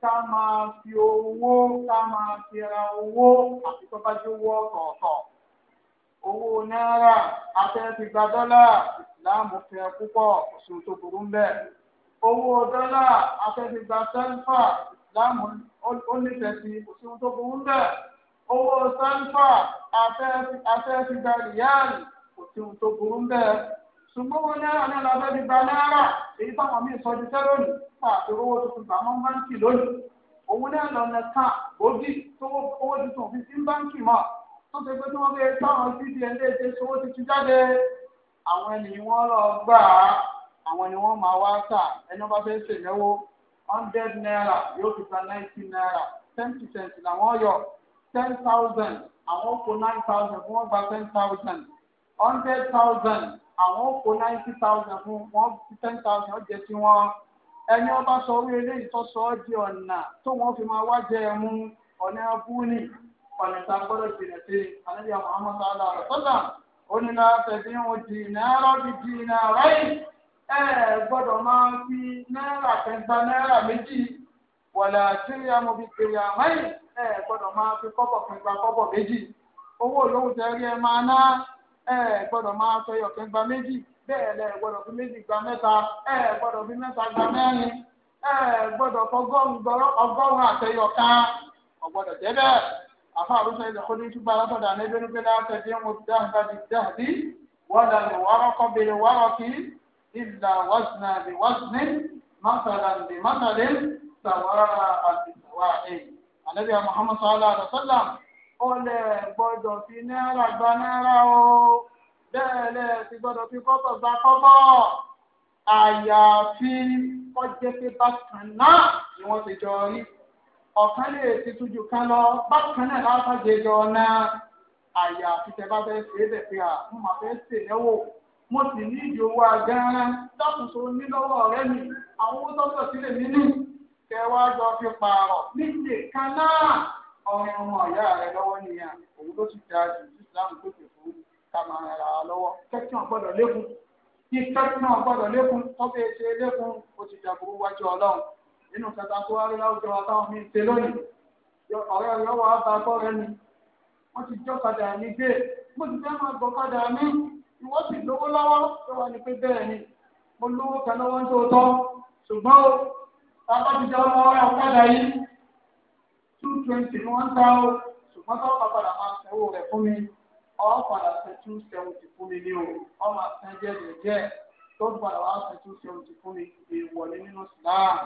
ká máa fi owó ká máa fi ra owó àti tó bá jẹ́ owó ọ̀tọ̀ọ̀tọ̀ owó náírà afẹ́ ti gba dọ́là ìsìláàmù fẹ́ púpọ̀ òṣù tó burú ń bẹ́ẹ̀. owó dọ́là afẹ́fígbà sẹ́ńfà ìsìláàmù ó nífẹ̀ẹ́ tó burú bẹ́ẹ̀ owó sẹ́ńfà afẹ́fígbà rìyáàlì tó burú bẹ́ẹ̀ ṣùgbọ́n wọn náírà èyí táwọn míì sọ jù owó tuntun gbàmọ́ báńkì lónìí òun owó tuntun sí báńkì mọ́ tó ṣe pé tí wọ́n àwọn ni wọ́n máa wá tà ẹni wọ́n bá fẹ́ ṣèlẹ́wọ́ hundred naira yóò fi ta ninety naira ten percent làwọn yọ ten thousand àwọn kó nine thousand fún wọn gba ten thousand hundred thousand àwọn kó ninety thousand fún wọn ten thousand ó jẹ sí wọn ẹni wọ́n bá sọ orí eléyìí tó sọ ọ́ di ọ̀nà tó wọ́n fi máa wá jẹ ẹ mú ọ̀nà abúlé ọ̀nà tá a gbọ́dọ̀ jìnà sí anábìyà muhammadu alayhi wa sallam ó ní láti ẹ̀dínwó dìnnà rọ́bì ẹ gbọdọ máa fi náírà kan gba náírà méjì wàlà tírí ma tírí àmáyé ẹ gbọ́dọ̀ máa fi kọ́bọ̀ kan gba méjì owó olówó tẹ rí ẹ máa ná ẹ gbọ́dọ̀ máa méjì bẹ́ẹ̀ lẹ gbọ́dọ̀ fi méjì gba mẹta ẹ gbọdọ fi mẹta gba mẹrin ẹ kan ní dáhùn dáhùn dáhùn bí إلا وزنا بوزن مثلا بمثل سواء بسواء النبي محمد صلى الله عليه وسلم ó lè gbọ́dọ̀ fi náírà gba náírà o bẹ́ẹ̀ lè ti gbọ́dọ̀ fi kọ́bọ̀ gba kọ́bọ̀ àyàfi kọjẹ́ pé bákan náà ni wọ́n ti jọ rí ọ̀kan lè ti tújú kan lọ bákan náà láwọn fàjẹjọ náà àyàfi tẹ bá fẹ́ ṣe é bẹ̀ pé à ń máa fẹ́ ṣèléwò mo sì ní ìdí owó agẹ́rẹ́ dákùnso nílọ́wọ́ ọ̀rẹ́ mi àwọn owó tọ́jú sílẹ̀ mi ní kẹwàá jọ fi pààrọ̀ níṣe kan náà ọ̀rìn ọmọ ìyá rẹ lọ́wọ́ nìyẹn òun ló ti da jù sí islam tó ti fún kàmáà rà á lọ́wọ́ kẹ́kẹ́ ọ̀gbọ́dọ̀ lékun kí kẹ́kẹ́ náà gbọ́dọ̀ lékun tọ́bẹ̀ ṣe lékun ó ti dàgbò wájú ọlọ́run nínú kẹta tó wá rí láwùjọ wa táwọn mi ṣe lónìí ọ̀rẹ́ ni wọ́n ti jọ́ padà mí gbé mo ti fẹ́ máa tí wọ́n sì lówó lọ́wọ́ tó wà ní pé bẹ́ẹ̀ ni mo lówó kan lọ́wọ́ tó tọ́ ṣùgbọ́n o bàbá ti jẹ́ ọmọ ọ̀rẹ́ ọ̀kadà yìí two twenty ni wọ́n ń ta o ṣùgbọ́n tó bá padà máa sanwó rẹ̀ fún mi ọ̀ padà san two seventy fún mi ní o ọ̀ máa san jẹ́ jẹ́jẹ́ tó padà wá san two seventy fún mi èèwọ̀ ni nínú Islam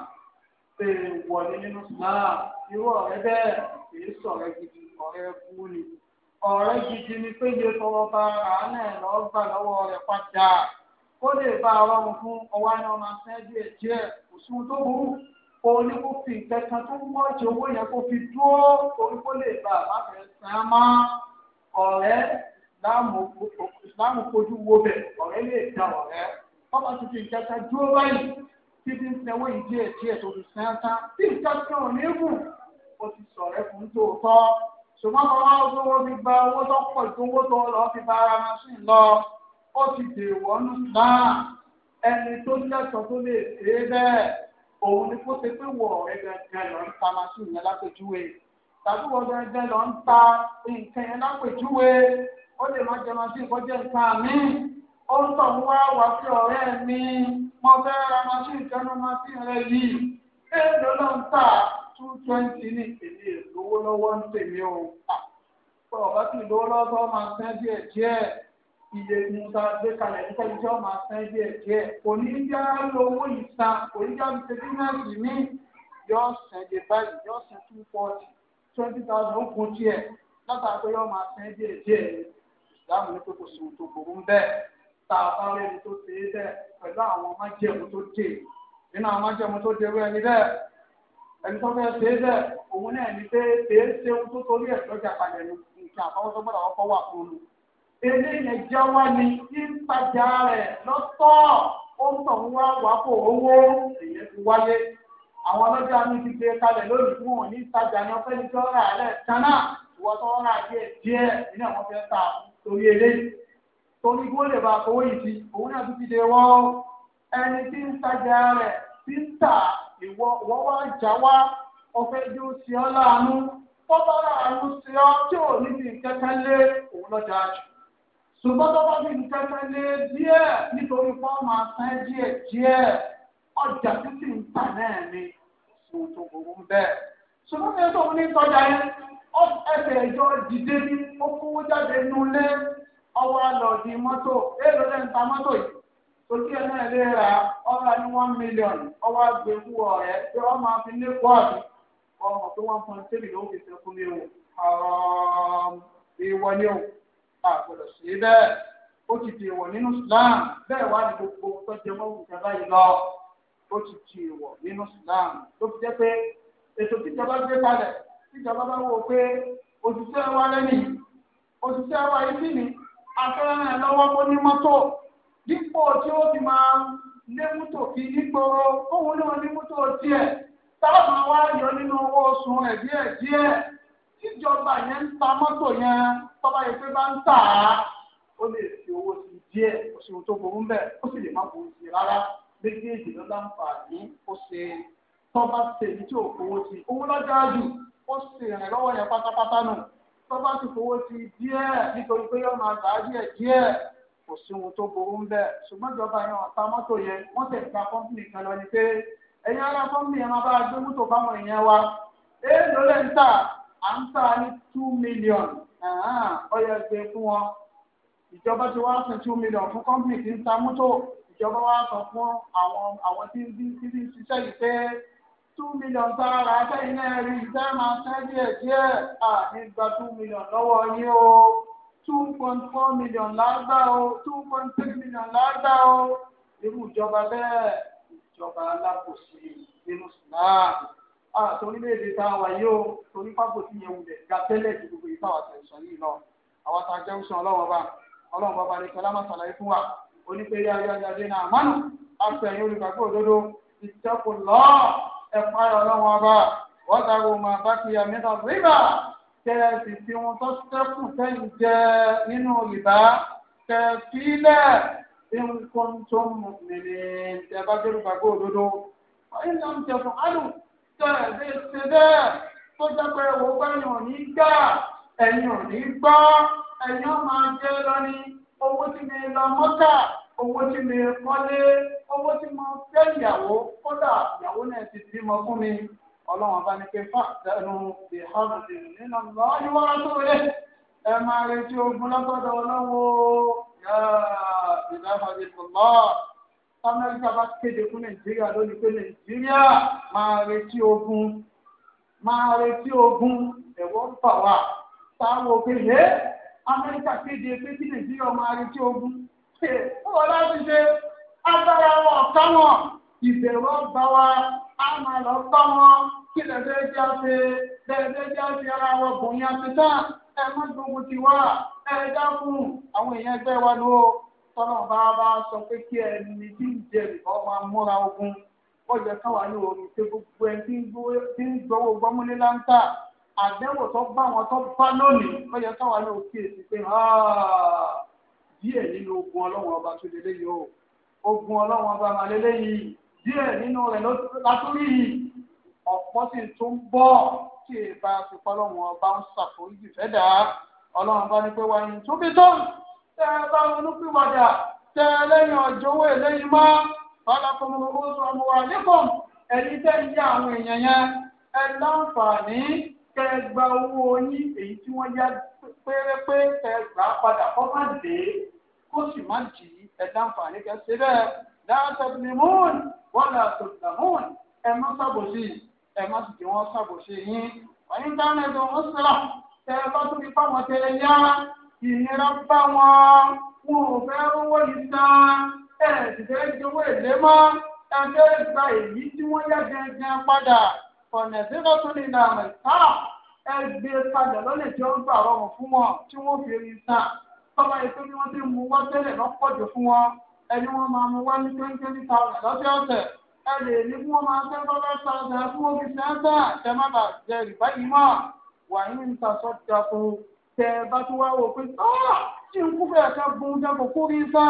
èèwọ̀ ni nínú Islam irú ọ̀rẹ́ bẹ́ẹ̀ kì í sọ̀rẹ́ gidi ọ̀rẹ́ bú ni ọ̀rẹ́ gidi ni pé iye tọrọ ta àánà ẹ̀ lọ́ọ́ gbà lọ́wọ́ rẹ̀ padà kó lè bá a rọrùn fún ọwọ́ ẹni ọmọ afẹ́ díẹ̀ díẹ̀ kò sí ohun tó burú òun ni kó fi ìgbẹ́ kan tó mọ́ ju owó yẹn kó fi dúró torí kó lè bá a láti ẹ̀sìn á má ọ̀rẹ́ láàmú kojú wo bẹ̀ ọ̀rẹ́ lè da ọ̀rẹ́ ọba ti fi ìgbẹ́ kan dúró báyìí títí ń sanwó yìí díẹ̀ díẹ̀ tó fi sàn án tán tí ìgbà ṣùgbọ́n tó wá owó owó fi gba owó tó pọ̀ tó owó tó lọ fi bá ara wọn sùn lọ ó ti dèwọ́ nù náà ẹni tó lẹ́tọ̀ọ́ tó lè ṣe é bẹ́ẹ̀ òun ni kó ṣe pé wọ̀ ẹgbẹ̀gbẹ̀ lọ ń ta màsùn yẹn lápèjúwe tàbí wọ́n gbẹ̀gbẹ̀ lọ ń ta nǹkan yẹn lápèjúwe ó lè má jẹ màsùn kó jẹ́ nǹkan mi ó ń tọ̀ wá wá sí ọ̀rẹ́ mi mo fẹ́ ra màsùn ìkẹ́nu màsùn rẹ yìí èèlò ló ń tà two twenty ní èmi ìlówó lọ́wọ́ ń tèmi o pọ̀ bá ti ìlówó lọ́wọ́ tó máa sẹ́ díẹ̀ díẹ̀ iye ní ta gbé kalẹ̀ nípa ìjọ máa sẹ́ díẹ̀ díẹ̀ oníjà lówó ìta oníjà ti bímẹ́sì mi yọ sẹ́ di báyìí yọ sẹ́ two forty twenty thousand ó kún tiẹ̀ látàgbé yọ máa sẹ́ díẹ̀ díẹ̀ ìdáhùn ní kókò sùn tó burú bẹ́ẹ̀ tá a bá rẹ́ni tó ṣe é bẹ́ẹ̀ pẹ̀lú àwọn májẹ̀mú tó dé nínú àwọn májẹ̀mú tó dé wẹ́ni bẹ́ẹ̀ ẹni ṣe é bẹ́ẹ̀ òun náà ní pé ṣeé ṣe ohun tó torí ẹ̀ lọ́jà padà ní nǹkan àfọwọ́sọ́gbọ́dọ̀ ọkọ̀ wà fún un. eléyìí ẹja wá ní ìtajà rẹ̀ lọ́tọ̀ ó ń tọ̀ wá wá fò owó èyí ti wáyé. àwọn ọlọ́jà mi ti gbé kalẹ̀ lónìí fún òní ìtajà ni ọ̀fẹ́ ní tó rà rẹ̀ tánà ìwọ tó rà díẹ̀ díẹ̀ nínú àwọn fẹ́ ta torí eléyìí. torí kí wọ́n lè ìwọ wọ́n wá jà wá ọ̀fẹ́ ju sí ọ láàánú tọ́ba láàánú sí ọ tí ò ní fi kẹ́kẹ́ lé òun lọ́jà jù ṣùgbọ́n tọ́ba fi kẹ́kẹ́ lé díẹ̀ nítorí fọ́ọ̀mù asán díẹ̀ díẹ̀ ọjà títí ń tà náà ni òun tó burú bẹ́ẹ̀ ṣùgbọ́n mi tó ní tọ́jà yẹn ẹsẹ̀ ìjọ dìde ní ó kówó jáde nulẹ̀ ọwọ́ àlọ́ọ̀dì mọ́tò èèlò lẹ́ńtà mọ́tò yìí. òtí ẹ̀ náà lè ra ní one million ọwọ́ àgbẹ̀ ọ̀rẹ́ tí wọ́n máa fi lẹ́kọ̀ọ́ àbí ọmọ tó wọ́n point three ló fi ní o èèwọ̀ ni o àgbọ̀dọ̀ sí bẹ́ẹ̀ ó ti nínú bẹ́ẹ̀ wá ní gbogbo tó jẹ mọ́ báyìí lọ ó ti nínú tó fi jẹ́ pé ètò tíjọba dípò tí ó ti máa lé mútò kí nígboro òun náà ní mútò díẹ̀ táwọn máa wá yọ nínú owó oṣù rẹ̀ díẹ̀ díẹ̀ tíjọba yẹn ń ta mọ́tò yẹn tọ́ba yẹn pé bá ń tà á ó lè fi owó sí díẹ̀ oṣù tó burú ń bẹ̀ ó sì lè má burú sí rárá méjèèjì ló láǹfààní ó ṣe tọ́ba tèmi tí ò fowó sí owó lọ́jà jù ó sì rìn lọ́wọ́ yẹn pátápátá nù tọ́ba ti fowó sí díẹ̀ nítorí pé yọ máa gbà á díẹ̀ díẹ̀ kò sí ohun tó burú ń bẹ́ẹ̀ ṣùgbọ́n ìjọba yẹn wọ́n mọ́tò yẹn wọ́n sì gba kọ́mpìnì kan lọ ni pé ẹ̀yin ará kọ́mpìnì yẹn máa bá a gbé mọ́tò báwọn èèyàn wa èyí ló tà à ń tà ní two million ó yẹ gbé fún wọn ìjọba ti wá san two million fún kọ́mpìnì tí ń ta mọ́tò ìjọba wá sọ fún àwọn àwọn tí ń ṣiṣẹ́ yìí pé two million tá a rà á náà rí ìjẹ́ máa sẹ́ díẹ̀ díẹ̀ à ní gba two million lọ́wọ́ yín o two point four million lágbá o two point three million lágbá o irú ìjọba bẹ́ẹ̀ ìjọba alábòsí nínú islam àti orílẹ̀-èdè tá a wà yìí o torí pápò tí yẹn wulẹ̀ ga tẹ́lẹ̀ ju gbogbo ìta àwọn àtẹ̀sán yìí lọ àwọn tá a jẹ́ òṣùwọ̀n ọlọ́wọ́ bá ọlọ́wọ́ bá balẹ̀ kẹlá máa ṣàlàyé fún wa onípẹ̀lẹ́ ayélujáde náà mánu àfẹ̀yìn olùgbàgbọ́ òdodo ìtẹ́kùn lọ́ọ̀ ẹ̀fọ́ ayọ̀ ọlọ́wọ́ bá wọ́n ta ko máa bá kí amẹ́ta tẹ́ẹ̀sì tí wọn tó sẹ́kù sẹ́yìn jẹ nínú ìbá tẹ̀fílẹ̀ nǹkan tó mú nìyí tẹ̀bá tó lù gbàgbọ́ òdodo. ọ̀yìn náà ń tẹ̀sán àlù tẹ̀lé ṣe bẹ́ẹ̀ tó dápẹ́ wo báyìí ò ní gbà ẹ̀yìn ò ní gbọ́ ẹ̀yìn ó máa jẹ́ lọ́ní owó tí mi lọ mọ́tà owó tí mi kọ́lé owó tí mo fẹ́ ìyàwó kódà ìyàwó náà ti bímọ fún mi ọlọ́run bá ní pé fàdánù ìhàmùdì nínú lọ́yún wọn tó rẹ̀ ẹ máa retí ogun lọ́gbọ́dọ̀ ọlọ́wọ́ yá ìdáhàdì pọ̀lọ́ amẹ́ríkà bá kéde fún nàìjíríà lónìí pé nàìjíríà máa retí ogun máa retí ogun ẹ̀wọ́ ń fà wá táwọn òbí yẹ amẹ́ríkà kéde pé kí nàìjíríà máa retí ogun ṣe wọ́n láti ṣe agbára wọn ọ̀ká wọn ìbẹ̀rù ọgbà wa á máa lọ bá wọn kí lẹ́fẹ́ jẹ́ àṣẹ lẹ́fẹ́ jẹ́ àṣẹ ara wa bùnmi àti tán ẹ má gbógun ti wá ẹ dákun àwọn èèyàn ẹgbẹ́ wa ló tọ́nà bá bá sọ pé kí ẹni tí ń jẹ ìbọn máa múra ogun wọ́n jẹ ní omi pé gbogbo ẹni tí ń gbowó gbọ́múlé láńtà àdẹ́wò tó bá wọn tó bá lónìí wọ́n jẹ ní òkè èsì pé díẹ̀ nínú ogun ọlọ́wọ́n ọba tó lélẹ́ yìí o ogun ọlọ́wọ́n ọba màlélẹ́ yìí díẹ̀ nínú rẹ̀ látúrí yìí ọ̀pọ̀ sì tún bọ̀ tí ìbá fipá lọ́wọ́ ọba ń ṣàforíjì fẹ́dà ọlọ́run bá ní pé wà ní tóbi tó tẹ ẹ bá olúpìwàdà tẹ ẹ lẹ́yìn ọjọ́ owó eléyìí mọ́ fọlákùnrin owó tó ọmọ wa nípòm ẹ̀yìn tẹ́ ń yá àwọn èèyàn yẹn ẹ láǹfààní tẹ ẹ gba owó yín èyí tí wọ́n yá pérépé tẹ ẹ gbà padà kọ́ má dé kó sì má jì í ẹ láǹfààní kẹ ṣe bẹ́ẹ̀ dáhùn tẹ̀sílẹ̀ wọ́n là tẹ̀sílẹ̀ ẹ má sábòsí ẹ má sì jẹ́ wọ́n ṣàbòṣe yín wọ́n íńtánẹ́ẹ̀tì wọn sílà tẹ ẹ bá tún fáwọn tẹ ẹ yá ìnira bá wọn wọn ò fẹ́ rówó yìí tán ẹ sì fẹ́ jowó èlé mọ́ ẹ fẹ́ gba èyí tí wọ́n yá gẹ́gẹ́ padà ọ̀nà tí wọ́n tún lè nà àmì sáà ẹ gbé e padà lọ́nà tí wọ́n gbà rọrùn fún wọn tí wọ́n fi rí sàn tọ́ba ètò bí wọ́n ti mú wá tẹ́lẹ̀ lọ́pọ̀jù fún wọn ẹni wọ́n máa mú wá ní twenty twenty thousand lọ́sẹ̀ọ̀sẹ̀ ẹ lè ní kí wọ́n máa tẹ́tọ́ lẹ́sà ọ̀sẹ̀ fún omi sẹ́ńtà tẹ́ má bàa jẹ rìbá yìí mọ́ wà ní níta sọ́jà fún tẹ́ bá tún wá wò pé ọ́ tí n kú bẹ́ẹ̀ ká gun jẹ́kọ̀ kó rí sá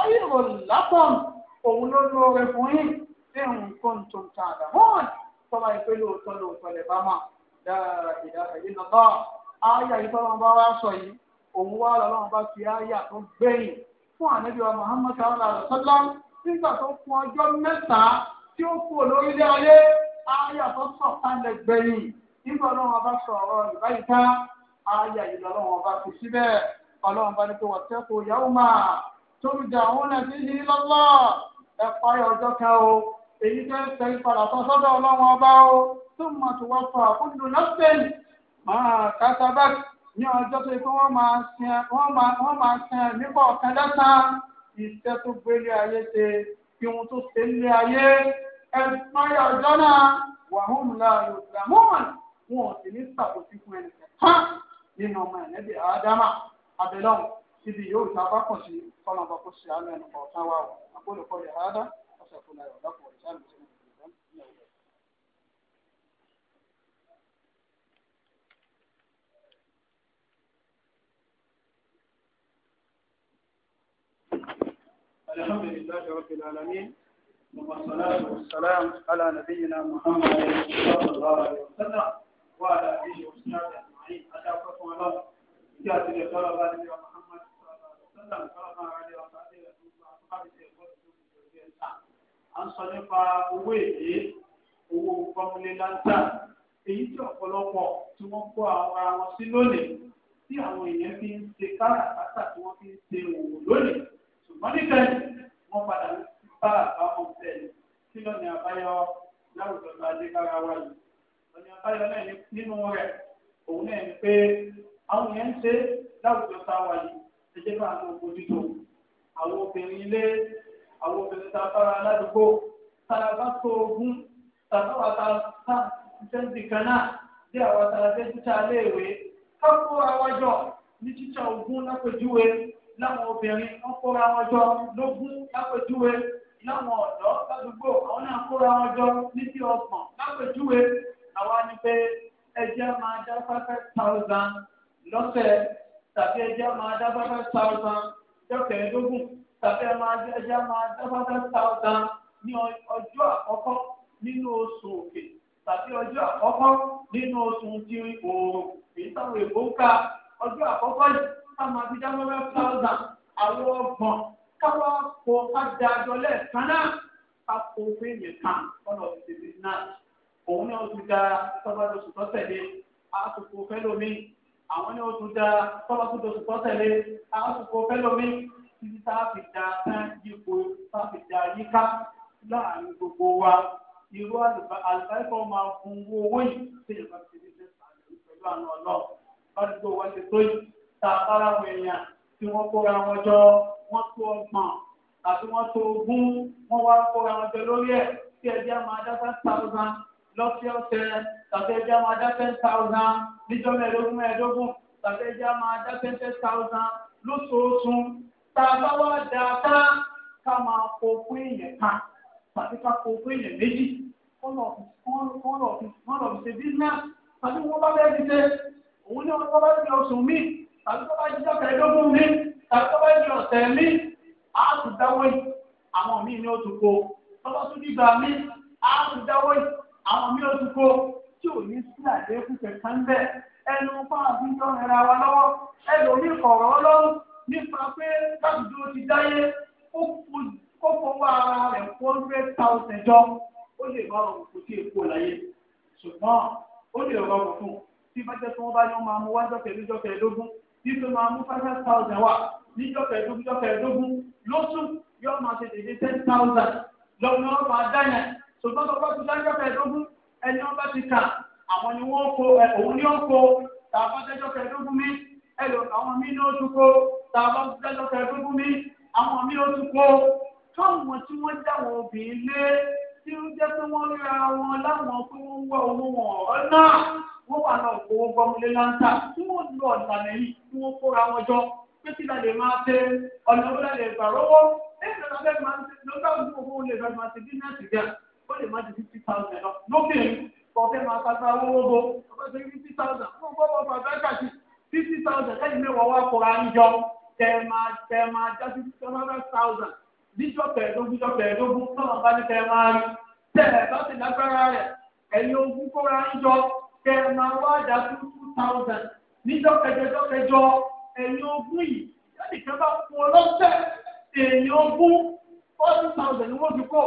ọyẹ́ rò lápọ̀n òun ló lo rẹ̀ fún yín bí nǹkan tó ń ta àdàmọ́ọ̀n tọ́ba ìpè lóòótọ́ lóòótọ́ lẹ̀ bá mọ̀ dáadáa ìdára yìí lọ́tọ́ ááyà yìí tọ́lọ́ bá wá sọ yìí òun wá lọ́lọ́run bá nígbà tó kù ọjọ́ mẹ́ta tí ó kù lórílẹ̀ ayé ayé àtọ́sọ̀ kalẹ̀ gbẹ̀yìn nígbà náà wọn bá sọ ọ̀rọ̀ ìbáyìí ká ayé àyè lọ́wọ́ wọn bá kù síbẹ̀ ọlọ́run bá ní pé wọ́n tẹ́kọ̀ yàwó máa tóbi jà òun náà ti yí lọ́lọ́ ẹ̀kọ́ ayé ọjọ́ kan o èyí tẹ́ ń tẹ́lẹ̀ padà sọ sọ́dọ̀ ọlọ́run ọba o tó mọ̀ tó wọ́n fọ àkúndù lọ́sẹ̀lì máa kásábà ní ọjọ́ tó yẹ kó wọ́n máa sin ẹ̀mí kọ̀ọ̀kan lẹ́sàn-án iṣẹ́ tó gbélé ayé ṣe kí wọn tó ṣe nílé ayé ẹ̀fọ́yà ọjọ́ náà wàhùn láàyò ìdàmúhàn wọn ò sì ní ṣàkóso fún ẹnì kẹtàn nínú ọmọ ẹ̀nẹ́bí àádámà abẹ́lọ́hùn ibi yóò ta bákan sí kọ́nà bá kó ṣe àánú ẹnì kọ̀ọ̀tàn wa ò àgbọ̀dọ̀ kọ́ الحمد لله رب العالمين والصلاة والسلام على نبينا محمد صلى الله عليه وسلم وعلى آله وصحبه أجمعين أتاكم الله جاءت لقرب آله محمد صلى الله عليه وسلم قرب آله وصحبه أصحابه à ń sọ nípa owó èlé owó fọmúlélántà èyí tí ọ̀pọ̀lọpọ̀ tí wọ́n kó àwọn ara wọn sí lónìí tí àwọn èèyàn fi ń ṣe káràkátà tí wọ́n fi ń ṣe òwò lónìí ṣùgbọ́n níbẹ̀ wọ́n padà bá àbámọ̀ tẹ̀ sí lọ́nà àbáyọ láwùjọ tó adé bára wa yìí lọ́nà àbáyọ náà nínú rẹ̀ òun náà ni pé àwọn yẹn ń ṣe láwùjọ yìí bá àwọn àwọn obìnrin ilé àwọn obìnrin tá a kan náà bí àwọn ká kó ara wájọ láwọn obìnrin wọ́n kóra wọn jọ lógún lápèjúwe láwọn ọ̀dọ́ ládùúgbò àwọn náà kóra wọn jọ ní ti ọgbọ̀n lápèjúwe àwa ni pé ẹjẹ́ máa dá five thousand lọ́sẹ̀ tàbí ẹjẹ́ máa dá five thousand jọ́kẹ̀ẹ́dógún tàbí ẹjẹ́ máa dá five thousand ní ọjọ́ àkọ́kọ́ nínú oṣù òkè tàbí ọjọ́ àkọ́kọ́ nínú oṣù tí oòrùn èyí táwọn èkó ń ka ọjọ́ àkọ́kọ́ yìí ká máa fi dá mọ́wẹ́ fáwọ́dà àwọn ọgbọ̀n káwá kó ká da àjọ lẹ́ẹ̀kan náà ká kó fẹ́yìn kan ọ̀nà òṣèlú náà òun náà ti da tọ́bátòsù tó tẹ̀lé àtòkò fẹ́lómi àwọn náà ti da tọ́bátòsù tó tẹ̀lé àtòkò fẹ́lómi títí tá a fi da tán yípo tá a fi da yíká láàrin gbogbo wa irú àlùbáríkọ̀ máa fún owó yìí tí ìjọba ti fi ṣe sàlẹ̀ pẹ̀lú àwọn ọlọ́ọ̀ bá dúró wá ṣe tó yìí tààtàrà àwọn èèyàn tí wọ́n kóra wọn jọ wọ́n tó ọgbọ̀n àti wọ́n tó ogún wọ́n wá kóra wọn jọ lórí ẹ̀ tí ẹjẹ́ máa dá ten thousand lọ́sẹ̀ọ̀sẹ̀ tàbí ẹjẹ́ máa dá ten thousand níjọ́ mẹ́ẹ̀ẹ́dógún mẹ́ẹ̀ẹ́dógún tàbí ẹjẹ́ máa dá ten thousand lóṣooṣù tàbá wá dáadáa ká máa kó fún èèyàn kan tàbí ká kó fún èèyàn méjì wọ́n lọ fi ṣe business tàbí wọ́n bá bẹ́ẹ̀ fi ṣe tàbí tó bá ṣùgbọ́n ó lè rọrùn fún un tí bá jẹ́ tí wọ́n bá yọ máa mú wájọ́ kẹ̀lẹ́jọ́ kẹ̀ẹ́dógún títún máa mú five thousand wà níjọ́ kẹẹ̀ẹ́dógún níjọ́ kẹẹ̀ẹ́dógún lóṣù yóò máa ṣe dédé ten thousand lọ́wọ́ yóò máa ṣùgbọ́n tó bá ti dájọ́ kẹẹ̀ẹ́dógún ẹni wọn ti kà àwọn ni wọ́n kó ẹ òun ni ó kó tàbá dájọ́ kẹẹ̀ẹ́dógún mi ẹ lò àwọn mi ní oṣù kó tàbá dájọ́ kẹẹ̀ẹ́dógún mi àwọn mi oṣù kó káwọn tí wọ́n jáwọ́ obìnrin lé tí ó jẹ́ pé wọ́n ríra wọ́n wà lọ kó wọn gbọmúlé láńtà tí wọ́n lu ọ̀nà lẹ́yìn tí wọ́n kóra wọn jọ pé kí lálẹ́ máa fẹ́ ọ̀nà wọn lálẹ́ gbà lọ́wọ́ ẹ̀sìn lọ́fẹ́ máa ń lọ́gbà ojú owó lè fẹ́ máa ti bísíǹsì jẹ́ ó lè má ti fifty thousand lọ lókè kọ̀ọ̀fẹ́ máa pàṣẹ owó bo ọ̀fẹ́ fifty thousand fún gbọ́dọ̀ pàṣẹ kàṣì fifty thousand lẹ́yìn mẹ́wàá wá kóra ń jọ tẹ̀ máa tẹ̀ máa já sí seven hundred thousand níjọ́ kẹẹ̀ẹ́dógún níjọ́ kẹẹ̀ẹ́dógún náà bá ní tẹ̀ máa kóra ń jọ kẹrìnà wá dá two two thousand níjọ́ kẹjọ jọ́ kẹjọ ẹ̀yìn ogún yìí lẹ́nìkan bá fún ọ lọ́sẹ̀ ẹ̀yìn ogún forty thousand ni wọ́n fi kó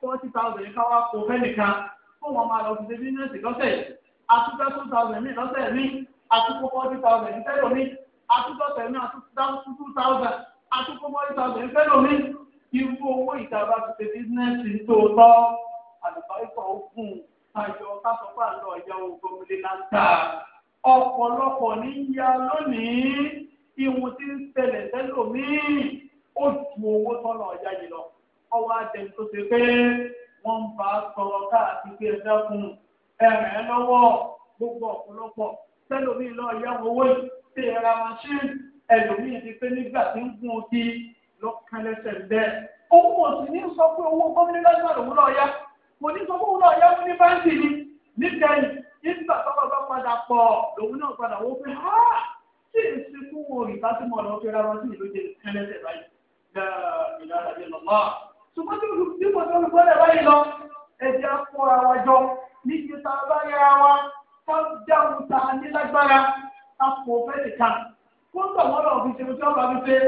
forty thousand yìí ká wá kó fẹ́nìkan fún wọn máa lọ sí ṣe bísíǹsì lọ́sẹ̀ yìí àtúntà two thousand mi lọ́sẹ̀ mi àtúntò forty thousand ní fẹ́lò mi àtúntò tẹ̀mí àtúntò two thousand àtúntò forty thousand ní fẹ́lò mi irú owó ìta bá ti ṣe bísíǹsì tó tọ́ àlùbáríkà ó fún un tayọ kásọpá lọ ya ogun lè láńtà ọ̀pọ̀lọpọ̀ ní ya lónìí ìwọ̀n tí ń ṣẹlẹ̀ sẹ́lòmíì ó ju owó tọ́nà ọjà yìí lọ ọwọ́ àjẹmí tó ṣe pé wọ́n ń bá sọ̀rọ̀ káàkiri ẹ̀dá fún ẹ̀rẹ̀ lọ́wọ́ gbogbo ọ̀pọ̀lọpọ̀ sẹ́lòmíì lọ ya owó tí ẹ̀ra machine ẹlòmíì ti pé nígbà tí ń gún un kí lọ́kànlẹ́sẹ̀ owó òsì ní sọ pé owó gómìnà lọ́sàn lòún lọ́ọ́ yá mo ní sọ́kún náà yẹ fún ní báńkì ni nígbẹ̀yìn nígbà tọ́kọ̀ tó padà pọ̀ lòun náà padà wọ́n fi há sí ìsìnkú wọn ìbá tí mo lọ fi ra wọn sí ìlú jẹ kẹlẹsẹ báyìí ṣùgbọ́n tí mo tó ń gbọ́dọ̀ báyìí lọ ẹ̀jẹ̀ kó ara jọ ní ti ta báyìí ara wa ká dáhùn ta nílágbára ká fò fẹ́ nìkan kó ń tọ̀wọ́ lọ fi ṣeun tí ọba fi ṣe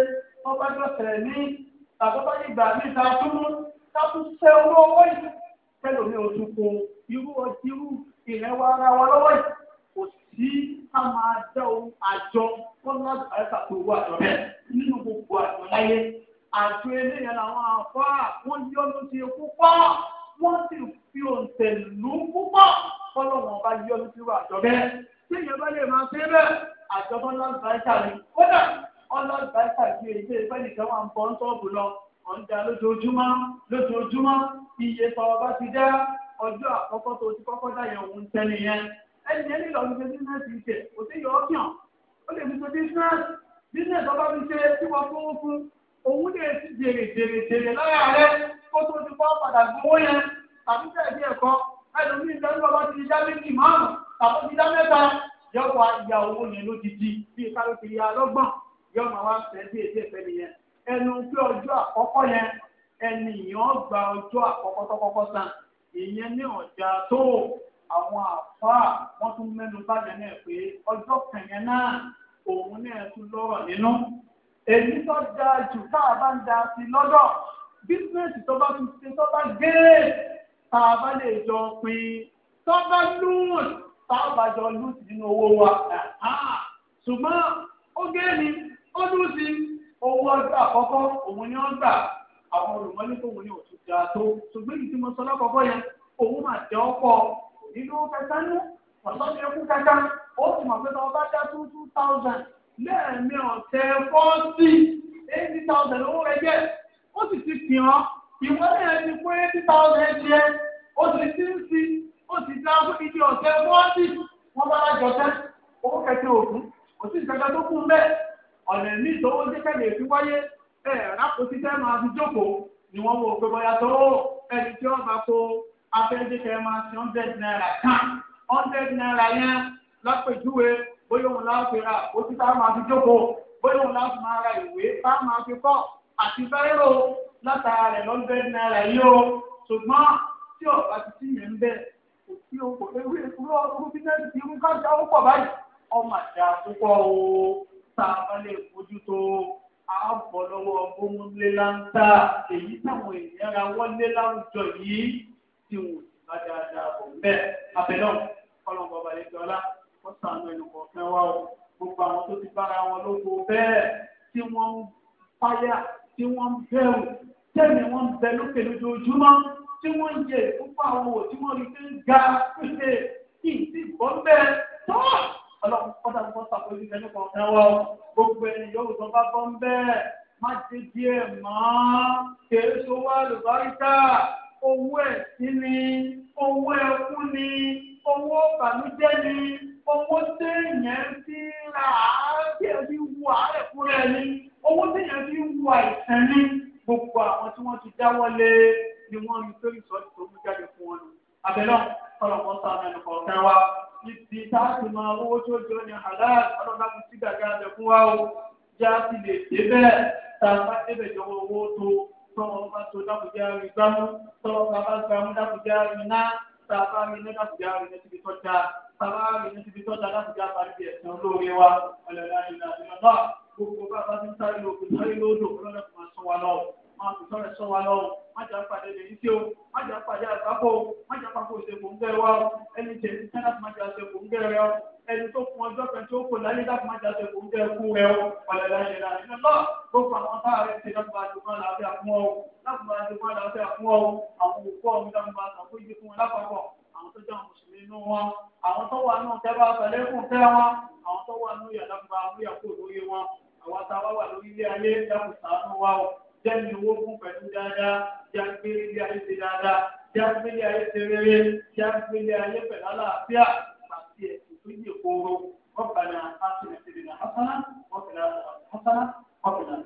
ọba jọ tẹ̀lé ní tàbí ọba yìí gbà mí ká tún ṣe owó owó tẹ́lómi oṣù kun irú irú ìrẹ́wà ara wa lọ́wọ́ yìí kò sí ká máa dá ohun àjọ kọ́lá àyẹ̀ká tó wà lọ́rẹ́ nínú gbogbo àjọ láyé àjọ eléyàn làwọn àfọ́ àwọn yọ́nú ti púpọ̀ wọ́n sì fi òǹtẹ̀ lù púpọ̀ kọ́lọ́ wọn bá yọ́nú sí wà àjọ bẹ́ẹ̀ tí ìyẹn bá lè máa ṣe bẹ́ẹ̀ àjọ kọ́lá àyẹ̀ká ni kódà kọ́lá àyẹ̀ká ti èyí ilé nìkan wà ń bọ́ ń tọ́ọ̀bù iye tó ọba ti dá ọjọ́ àkọ́kọ́ tó ti kọ́kọ́ dá yẹn òun tẹ́lẹ̀ yẹn ẹni yẹn nílò ọdún bísíǹnẹ́sì ṣe kò sí yọ ọ́kìàn ó lè fi ṣe bísíǹnẹ́sì bísíǹnẹ́sì ọba fi ṣe tí wọ́n fowó fún òun lè ti jèrè jèrè jèrè láyà rẹ kó tó ti kọ́ padà gbowó yẹn tàbí tẹ̀lé ẹ̀kọ́ ẹlòmíì tẹ́lú ọba ti dá méjì márùn tàbí ti dá mẹ́ta yọ̀wọ̀ ìyá owó yẹn ló ti di bí kálukiri alọ́gbọ̀n yọ̀ọ̀ máa wá ènìyàn gba ọjọ́ àkọ́kọ́ tọ́kọ́kọ́ ìyẹn ní ọjà tó àwọn àfáà wọn tún mẹ́nu bàjẹ́ náà pé ọjọ́ kẹ̀yẹ́ náà òun náà tún lọ́rọ̀ nínú. èyí tó jù tá a bá ń da sí lọ́dọ̀ bísíǹsì jọ tó bá lùn tá a bá jọ lùn nínú owó wa. owó ọjọ́ àkọ́kọ́ òun ni àwọn olùmọ́lẹ́ tó wọ́n ní òtún ga tó ṣùgbọ́n èyí tí mo sọ lọ́kọ̀ọ́kọ́ yẹn òun máa jẹ́ ọkọ̀ nínú kẹtánú ọ̀sán ní ẹkú kẹta ó sì mọ̀ pé tọ́wọ́ bá já two thousand lẹ́ẹ̀mí ọ̀tẹ̀ fọ́ọ̀tì eighty thousand owó rẹ jẹ́ ó sì ti fi hàn ìwé rẹ̀ ti pé eighty thousand jẹ́ ó sì ti ń si ó sì ti dáhùn ibi ọ̀tẹ̀ fọ́ọ̀tì wọ́n bá lájọ tẹ́ owó kẹtẹ òkú kò sí ìtajà tó kún bẹ́ẹ̀ ọ̀nà ìmí ìtọ́wọ́ jẹ́kẹ̀lẹ̀ fi wáyé ẹ rákòtí tẹ́ máa fi jókòó ni wọ́n wò pé bóyá tó ẹni tí wọ́n bá kó afẹ́jẹ́ tẹ́ máa ṣe hundred naira kan hundred naira yẹn lápèjúwe bóyá òun láti ra àpótí tá a máa fi jókòó bóyá òun láti máa ra ìwé tá a máa fi kọ́ àti bẹ́rẹ̀ o látara rẹ̀ hundred naira yìí o ṣùgbọ́n tí ọ̀gá ti ti yẹn ń kò sí o kò lè rí ìkúrò ọdún bíjẹ́sì tí irú ká jáwó pọ̀ báyìí ọmọ àti àkókò o tá lè fojú tó o àbọ̀ lọ́wọ́ gbómúlélántà èyí táwọn èèyàn ra wọlé láwùjọ yìí tí wọn ò sì bá dáadáa bọ̀ bẹ́ẹ̀ abẹ́lọ́ kọ́lọ́mù ọba lè jọlá wọ́n sànú ẹnu kọ̀ọ̀kan wá o gbogbo àwọn tó ti bára wọn lóko bẹ́ẹ̀ tí wọ́n ń fáyà tí wọ́n ń bẹ̀rù tẹ́lẹ̀ wọ́n ń bẹ lókè lójoojúmọ́ tí wọ́n ń jẹ ìfúnpá wọn ò wọ́n rí pé ń ga pèsè kí n ti bọ́ bẹ́ẹ̀ tọ́ ọlọ́run kọ́dà tó sàkóso ìfẹ́ nípa ọ̀tẹ́ wọ gbogbo ẹni yòówù tó bá bọ́ ń bẹ́ẹ̀ má ti díẹ̀ mọ́ kèrè tó wá lùbáríkà owó ẹ̀sìn ni owó ẹkún ni owó bànújẹ́ ni owó téèyàn fi ra àárẹ̀ fi wu àárẹ̀ fúnra ẹni owó téèyàn fi wu àìsàn ni gbogbo àwọn tí wọ́n ti dáwọ́lé ni wọ́n ń pè sọ́ọ̀tì tó mú jáde fún wọn abẹ́lẹ́ ọ̀hún sì máa owó tó jọ ní halal ọlọ́dà kò sí gàgà rẹ̀ fún wa o já sì lè débẹ̀ tá a bá débẹ̀ jọwọ́ owó tó tọ́wọ́ bá tó dákújá rí gbámú tọ́wọ́ bá bá gbámú dákújá rí ná tá a bá rí ní dákújá rí ní síbi tọ́jà tá a bá rí ní síbi tọ́jà dákújá parí bí ẹ̀sán olóore wa ọ̀lẹ́lá ìlànà náà gbogbo bá bá ti ń sáré lóògùn sáré lóòdò ọlọ́dà máa fi sọ́rọ̀ sọ́ wa lọ má jà pàdé lè ní tí o má jà pàdé àgbákò má jà pàkó ìṣèkò ń gẹ̀rẹ́ wa o ẹni jẹ ní sẹ́nà tó má jà ṣèkò ń gẹ̀rẹ́ o ẹni tó fún ọjọ́ kan tí ó kò láyé láti má jà ṣèkò ń gẹ̀rẹ́ kú rẹ o ọ̀lẹ̀ láyé la ẹni lọ gbogbo àwọn táàrẹ̀ ti láti máa dùn máa làáfíà àwọn tó jẹ́ àwọn mùsùlùmí àwọn tó wà wọn àwọn tó wà nù wà lórí ilé ayé dákùn ṣàánú wa o jẹ́mi owó fún pẹ̀lú dáadáa já gbélé ilé ayé ṣe dáadáa já gbélé ayé ṣe rere já gbélé ayé pẹ̀lú àlàáfíà àti ẹ̀sìn tó yẹ kóró ọ̀gbàna àti ìrìnà hasana ọ̀gbàna hasana ọ̀gbàna.